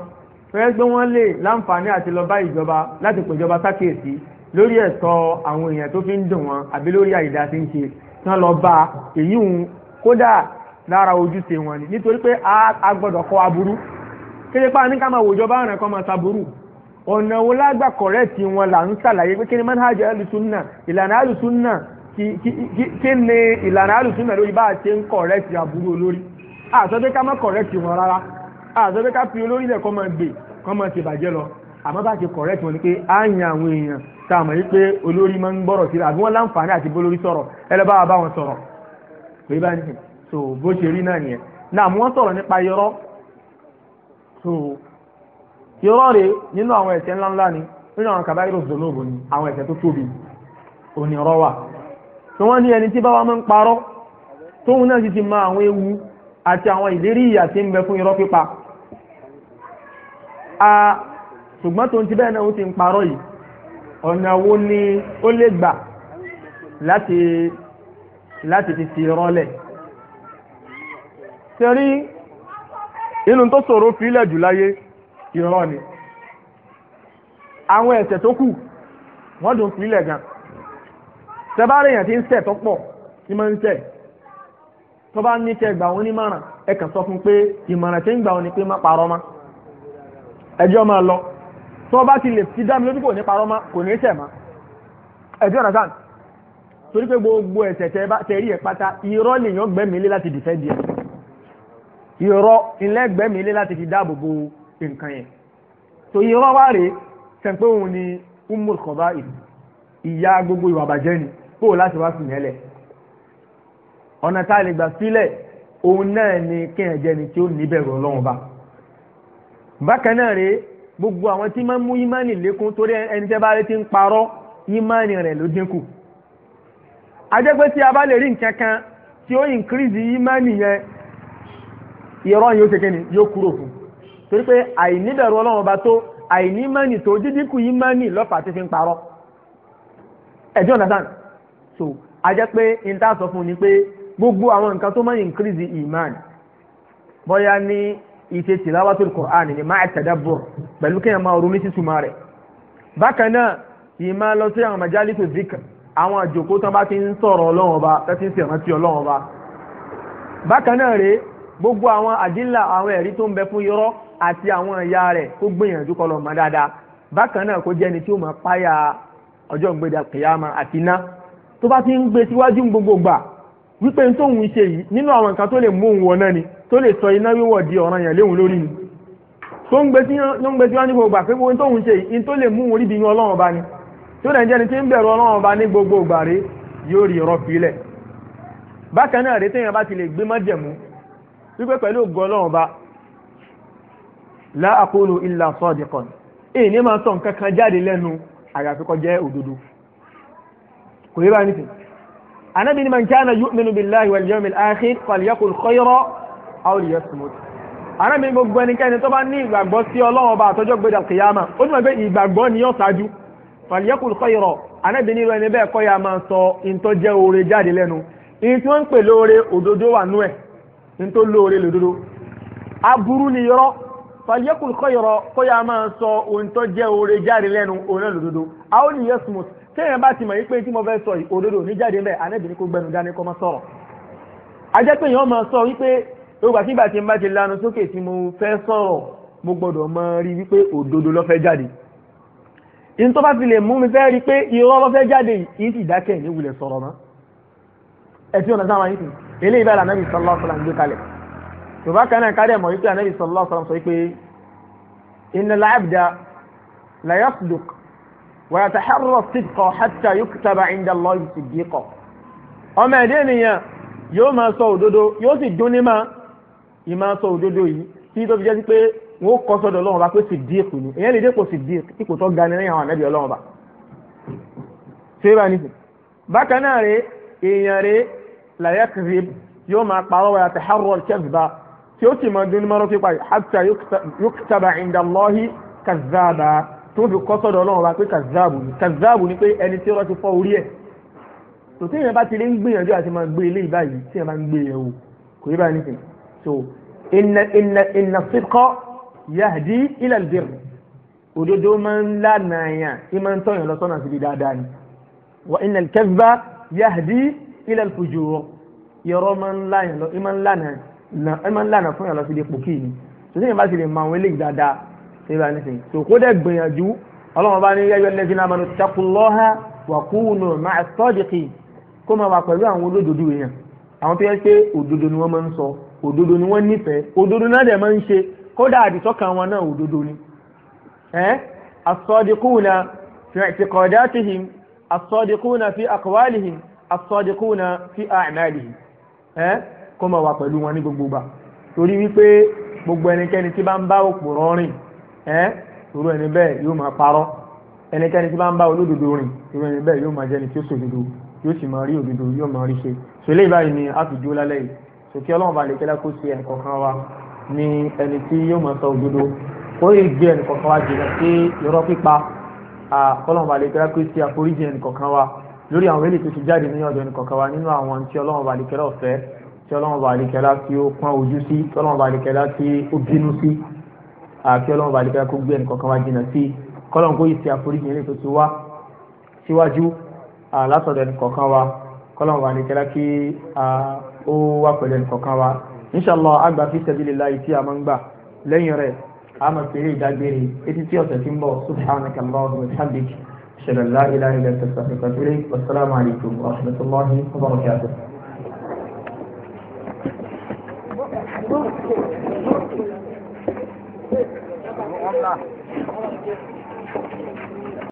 fẹ́ gbé wọ́n lè láǹfààní àti lọ bá ìjọba láti pèjọba sákèsí lórí ẹ̀tọ́ àwọn èèyàn tó fi ń dùn wọn àbí lórí àìdá tí ń ṣe tí wọ́n lọ bá èyí ń kódà lára ojúṣe wọn ni nítorí pé a gbọ́dọ̀ kọ́ aburú kéde pa ní ká máa wòjọba àrùn ẹ̀kọ́ máa saburú ọ̀nà wo lágbà kọ̀rẹ́ẹ̀tì wọn là ń ṣàlàyé pé kí ni manhaj alùsùnà ìlànà alùsùnà kí ni ìlànà alùsùnà lórí bá a ṣe ń kọ̀rẹ́ẹ̀tì àbúrò olórí àṣọ pé ká má kọ̀rẹ́ẹ̀tì wọn rárá àṣọ pé ká fi olórí lẹ̀ kọ́ máa gbè kọ́ máa ṣe bàjẹ́ lọ àmọ́ bá ṣe kọ̀rẹ́ẹ̀tì wọn ni pé á yan àwọn èèyàn tá a mọ̀ yí pé olórí máa ń gbọ́rọ̀ sí àbí wọ́n láǹfààní àti bólórí sọ̀rọ̀ ẹ lọ bá wa bá wọn sọ̀rọ̀ pé bá ní sìn so bó ṣe rí náà nìyẹn náà wọ́n sọ̀rọ̀ nípa irọ́ so irọ́ nínú àwọn ẹ̀ṣẹ̀ ńláńlá ni nínú àwọn kàbáyé lọ́sọ̀dọ̀ lóògùn ni àwọn ẹ̀ṣẹ̀ tó tóbi òní ọ̀rọ̀ wà tí wọ́n ní ẹni tí bá wa máa ń parọ́ tóun náà sì ti mọ àwọn ewu àti àwọn ìlérí ìyà tí ń bẹ fún irọ́ pípa a ṣùgbọ́n tó ń ti bẹ́ẹ̀ náà ó ti ń parọ́ yìí ọ̀nà wo ni ó lè gbà láti láti ti fi irọ́ lẹ̀ inú tó ṣòro fílẹ̀ jù láyé irọ́ ni àwọn ẹ̀ṣẹ̀ tó kù wọ́n dùn sílẹ̀ gan tẹ́bárì èèyàn ti ń ṣẹ̀ tó pọ̀ tí máa ń ṣẹ̀ tó bá ní kẹ́ gbà wọn nímọ̀ràn ẹ kàn sọ fún pé ìmọ̀ràn tí ń gbà wọn ni pé má parọ́ má ẹjọ́ máa lọ tó bá ti lè fi dá lójú kò ní parọ́ má kò ní ṣẹ̀ má ẹjọ́ ọ̀nà sáà torí pé gbogbo ẹ̀ṣẹ̀ tẹ rí ẹ̀ pátá irọ́ lèèyàn gbẹ́mìí lé láti dìfẹ́ díẹ̀ irọ́ ilẹ̀ gbẹ́mìí lé láti fi dáàbò pé nǹkan yẹn tó yẹ wọ́n wá rèé sẹ́ńpé òun ni umul kọ̀bá ìyá gbogbo ìwà bàjẹ́ ni kó o láti wá sí nílẹ̀ ọ̀nà tá a lè gbà sílẹ̀ òun náà ni kéèyàn jẹ́ ni tí ó níbẹ̀rù ọlọ́run bá bákan náà rèé gbogbo àwọn tí máa ń mú ìmánì lékún torí ẹni tẹ́ bá rí ti ń parọ́ ìmánì rẹ̀ ló dínkù ajẹ́pẹ́ tí a bá lè rí nǹkan kan tí ó increase ìmánì yẹn irọ́ yóò ṣe kí ni yóò kúrò fún un torí pé àìníbẹ̀rù ọlọ́run ọba tó àìní mọ́nì tó dídínkù yìí mọ́nì lọ́fà tí fi ń parọ́ ẹ̀jọ́ understand so a jẹ́ pé n ta sọ fún ni pé gbogbo àwọn nǹkan tó máa ń increase iman bóyá ní ìṣe tilawatul Qur'an ni máa tadabbur pẹ̀lú kéèyàn máa ronú sí túmọ̀ rẹ̀ bákan náà ìmọ̀ lọ sí àwọn majalisu zikr àwọn àjòkó tán bá ti ń sọ̀rọ̀ ọlọ́run ọba tó ti ń ṣèrántí ọlọ́run ọba bákan náà rèé gbogbo àwọn àdínlà àwọn ẹ̀rí tó ń bẹ fún irọ́ àti àwọn ìyá rẹ̀ kó gbìyànjú kó lọ mọ̀ dáadáa bákan náà kó jẹ́ ẹni tí ó máa páyà ọjọ́ ìgbéda kìyàmà àti iná tó bá ti ń gbé síwájú gbogbo gbà wípé n tóun ṣe yìí nínú àwọn nǹkan tó lè mú òun wọ náà ni tó lè sọ iná wíwọ̀ di ọ̀ràn yẹn léwu lórí ni tó ń gbé síwájú gbogbo gbà pé n tóun ṣe yìí n tó lè mú òun rí ibi inú ọlọ́run tó lè jẹ́ ẹni tí ń bẹ̀rù ọlọ́run ọba ní gbogbo gbà rè yóò rí ọ̀rọ̀ fílẹ̀ bákan náà rè téèyàn bá ti lè gbé májẹ̀mú wípé pẹ̀lú ògo ọlọ́run ọba la aqulu illa sadiqan èyí ní máa sọ nǹkan kan jáde lẹ́nu àyàfi kó jẹ́ òdodo kò yé bá nìkan anabi ni man kana yu'minu billahi wal yawmil akhir falyaqul khayran aw liyasmut anabi ni gbogbo ẹnikẹ́ni tó bá ní ìgbàgbọ́ sí ọlọ́run ọba àtọ́jọ́ gbé dàkìyàmà ó ní wọn pé ìgbàgbọ́ ni yóò ṣáájú falyaqul khayran anabi ni irú fàlíyẹ́kùn kọ́yọ̀rọ̀ kó yá máa sọ ohun tó jẹ́ oore jáde lẹ́nu òun náà lòdodo àwọn ènìyàn sùnmù téèyàn bá ti mọ̀ yí pé tí mo fẹ́ sọ òdodo ní jáde ń bẹ̀ anẹ́bìnrin kò gbẹnu dání kọ́ mọ́ sọ̀rọ̀ ajẹ́ pé èèyàn máa sọ wípé ògbà tí bàtí ń bá ti lanu sókè tí mo fẹ́ sọ̀rọ̀ mo gbọ́dọ̀ mọ rí wípé òdodo ló fẹ́ jáde ní tó bá ti lè mú mi fẹ́ rí pé irọ́ ló fẹ́ jáde yìí ti dákẹ́ ìwúlẹ̀ sọ̀rọ̀ mọ́ ẹ̀ tí ọ̀nà tòbá kan náà kárẹ̀ mọ̀ wípé anabi sallallahu alaihi wasallam sọ wípé innal abda la yasduq wa yataharra sidqa hatta yuktaba inda Allahi siddiqa ọmọ ẹ̀dẹ́ ènìyàn yóò máa sọ òdodo yóò sì dún ní ma ìmá sọ òdodo yìí tí tó fi jẹ́ pé wọ́n kọ́ sọ́dọ̀ ọlọ́run ọba pé siddiq ni èyàn lè dépò siddiq ipò tó ga ni lẹ́yìn àwọn anabi ọlọ́run ọba ṣé bá bákan náà rèé èèyàn rèé la yakzib yóò máa parọ́ wa yataharra al-kadhba tí ó sì mọ dún ní mọ́rọ́ pípa hatta yuktaba inda Allahi kazaba tó fi kọ́ sọ́dọ̀ ọlọ́run wa pé kazabu ni kazabu ni pé ẹni tí ọlọ́ ti fọ́ orí ẹ̀ tó tí èèyàn bá ti lé ń gbìyànjú àti máa gbé eléyìí báyìí tí èèyàn bá ń gbé yẹ̀ wò kò yé báyìí nìkan so inna inna inna sidqa yahdi òdodo máa ń lánàá yàn í máa ń tọ̀yàn lọ sọ́nà síbi dáadáa ni wa inna al-kadhba yahdi ila yọrọ máa ń lánàá ẹ máa ń lànà fún ìyànlọ sí ibi pòkì ni tòtí yẹn bá ti lè mọ àwọn eléyìí dáadáa ṣe bá nísìn tó kó dẹ̀ gbìyànjú ọlọ́run bá ní yẹ́yọ́ lẹ́sìn náà mọ́nu takullọ́ha wà kúùnù máa sọ́ọ̀dìkì kó máa wà pẹ̀lú àwọn olódodo èèyàn àwọn tó yẹ pé òdodo ni wọ́n máa ń sọ òdodo ni wọ́n nífẹ̀ẹ́ òdodo náà dẹ̀ máa ń ṣe kódà àdìsọ́kàn wọn náà òdodo ni fi kó máa wà pẹ̀lú wọn ní gbogbo gbà torí wípé gbogbo ẹnikẹ́ni tí bá ń bá òpùrọ́ rìn ẹ́ irú ẹni bẹ́ẹ̀ yóò máa parọ́ ẹnikẹ́ni tí bá ń bá olódodo rìn irú ẹni bẹ́ẹ̀ yóò máa jẹ́ni tí ó sòdodo yóò sì máa rí òdodo yóò máa rí ṣe ṣòlẹ́ ìbáyìí ni a fi jó lálẹ́ yìí sòkè ọlọ́run bá lè kẹ́lá kó ṣe ẹnìkọ̀ọ̀kan wa ni ẹni tí yóò máa sọ òdodo kó lè gbé ẹnìkọ̀ọ̀kan wa jìnnà sí irọ́ pípa ọlọ́run bá lè kẹ́lá kó ṣe àforíjì ẹnìkọ̀ọ̀kan wa lórí àwọn eléyìí tó ti jáde ní ọ̀dọ̀ wa nínú àwọn tí ọlọ́run bá lè kẹ́lá ọ̀fẹ́ kí ọlọ́run balikẹ́lá kí ó pọ́n ojú sí kí ọlọ́run balikẹ́lá kí ó bínú sí àti ọlọ́run balikẹ́lá kó gbé ẹnìkan kan wá jìnnà sí kọ́lọ́run kó yìí ṣe àforíjì eré tó ti wá síwájú látọ̀dọ̀ ẹnìkan kan wa kọ́lọ́run balikẹ́lá kí ó wá pẹ̀lú ẹnìkan kan wa inṣàlá àgbà fi sabilillahi tí a máa ń gbà lẹ́yìn rẹ̀ a máa fi eré ìdágbére etí tí ọ̀sẹ̀ ti ń bọ̀ subhanaka Thank you.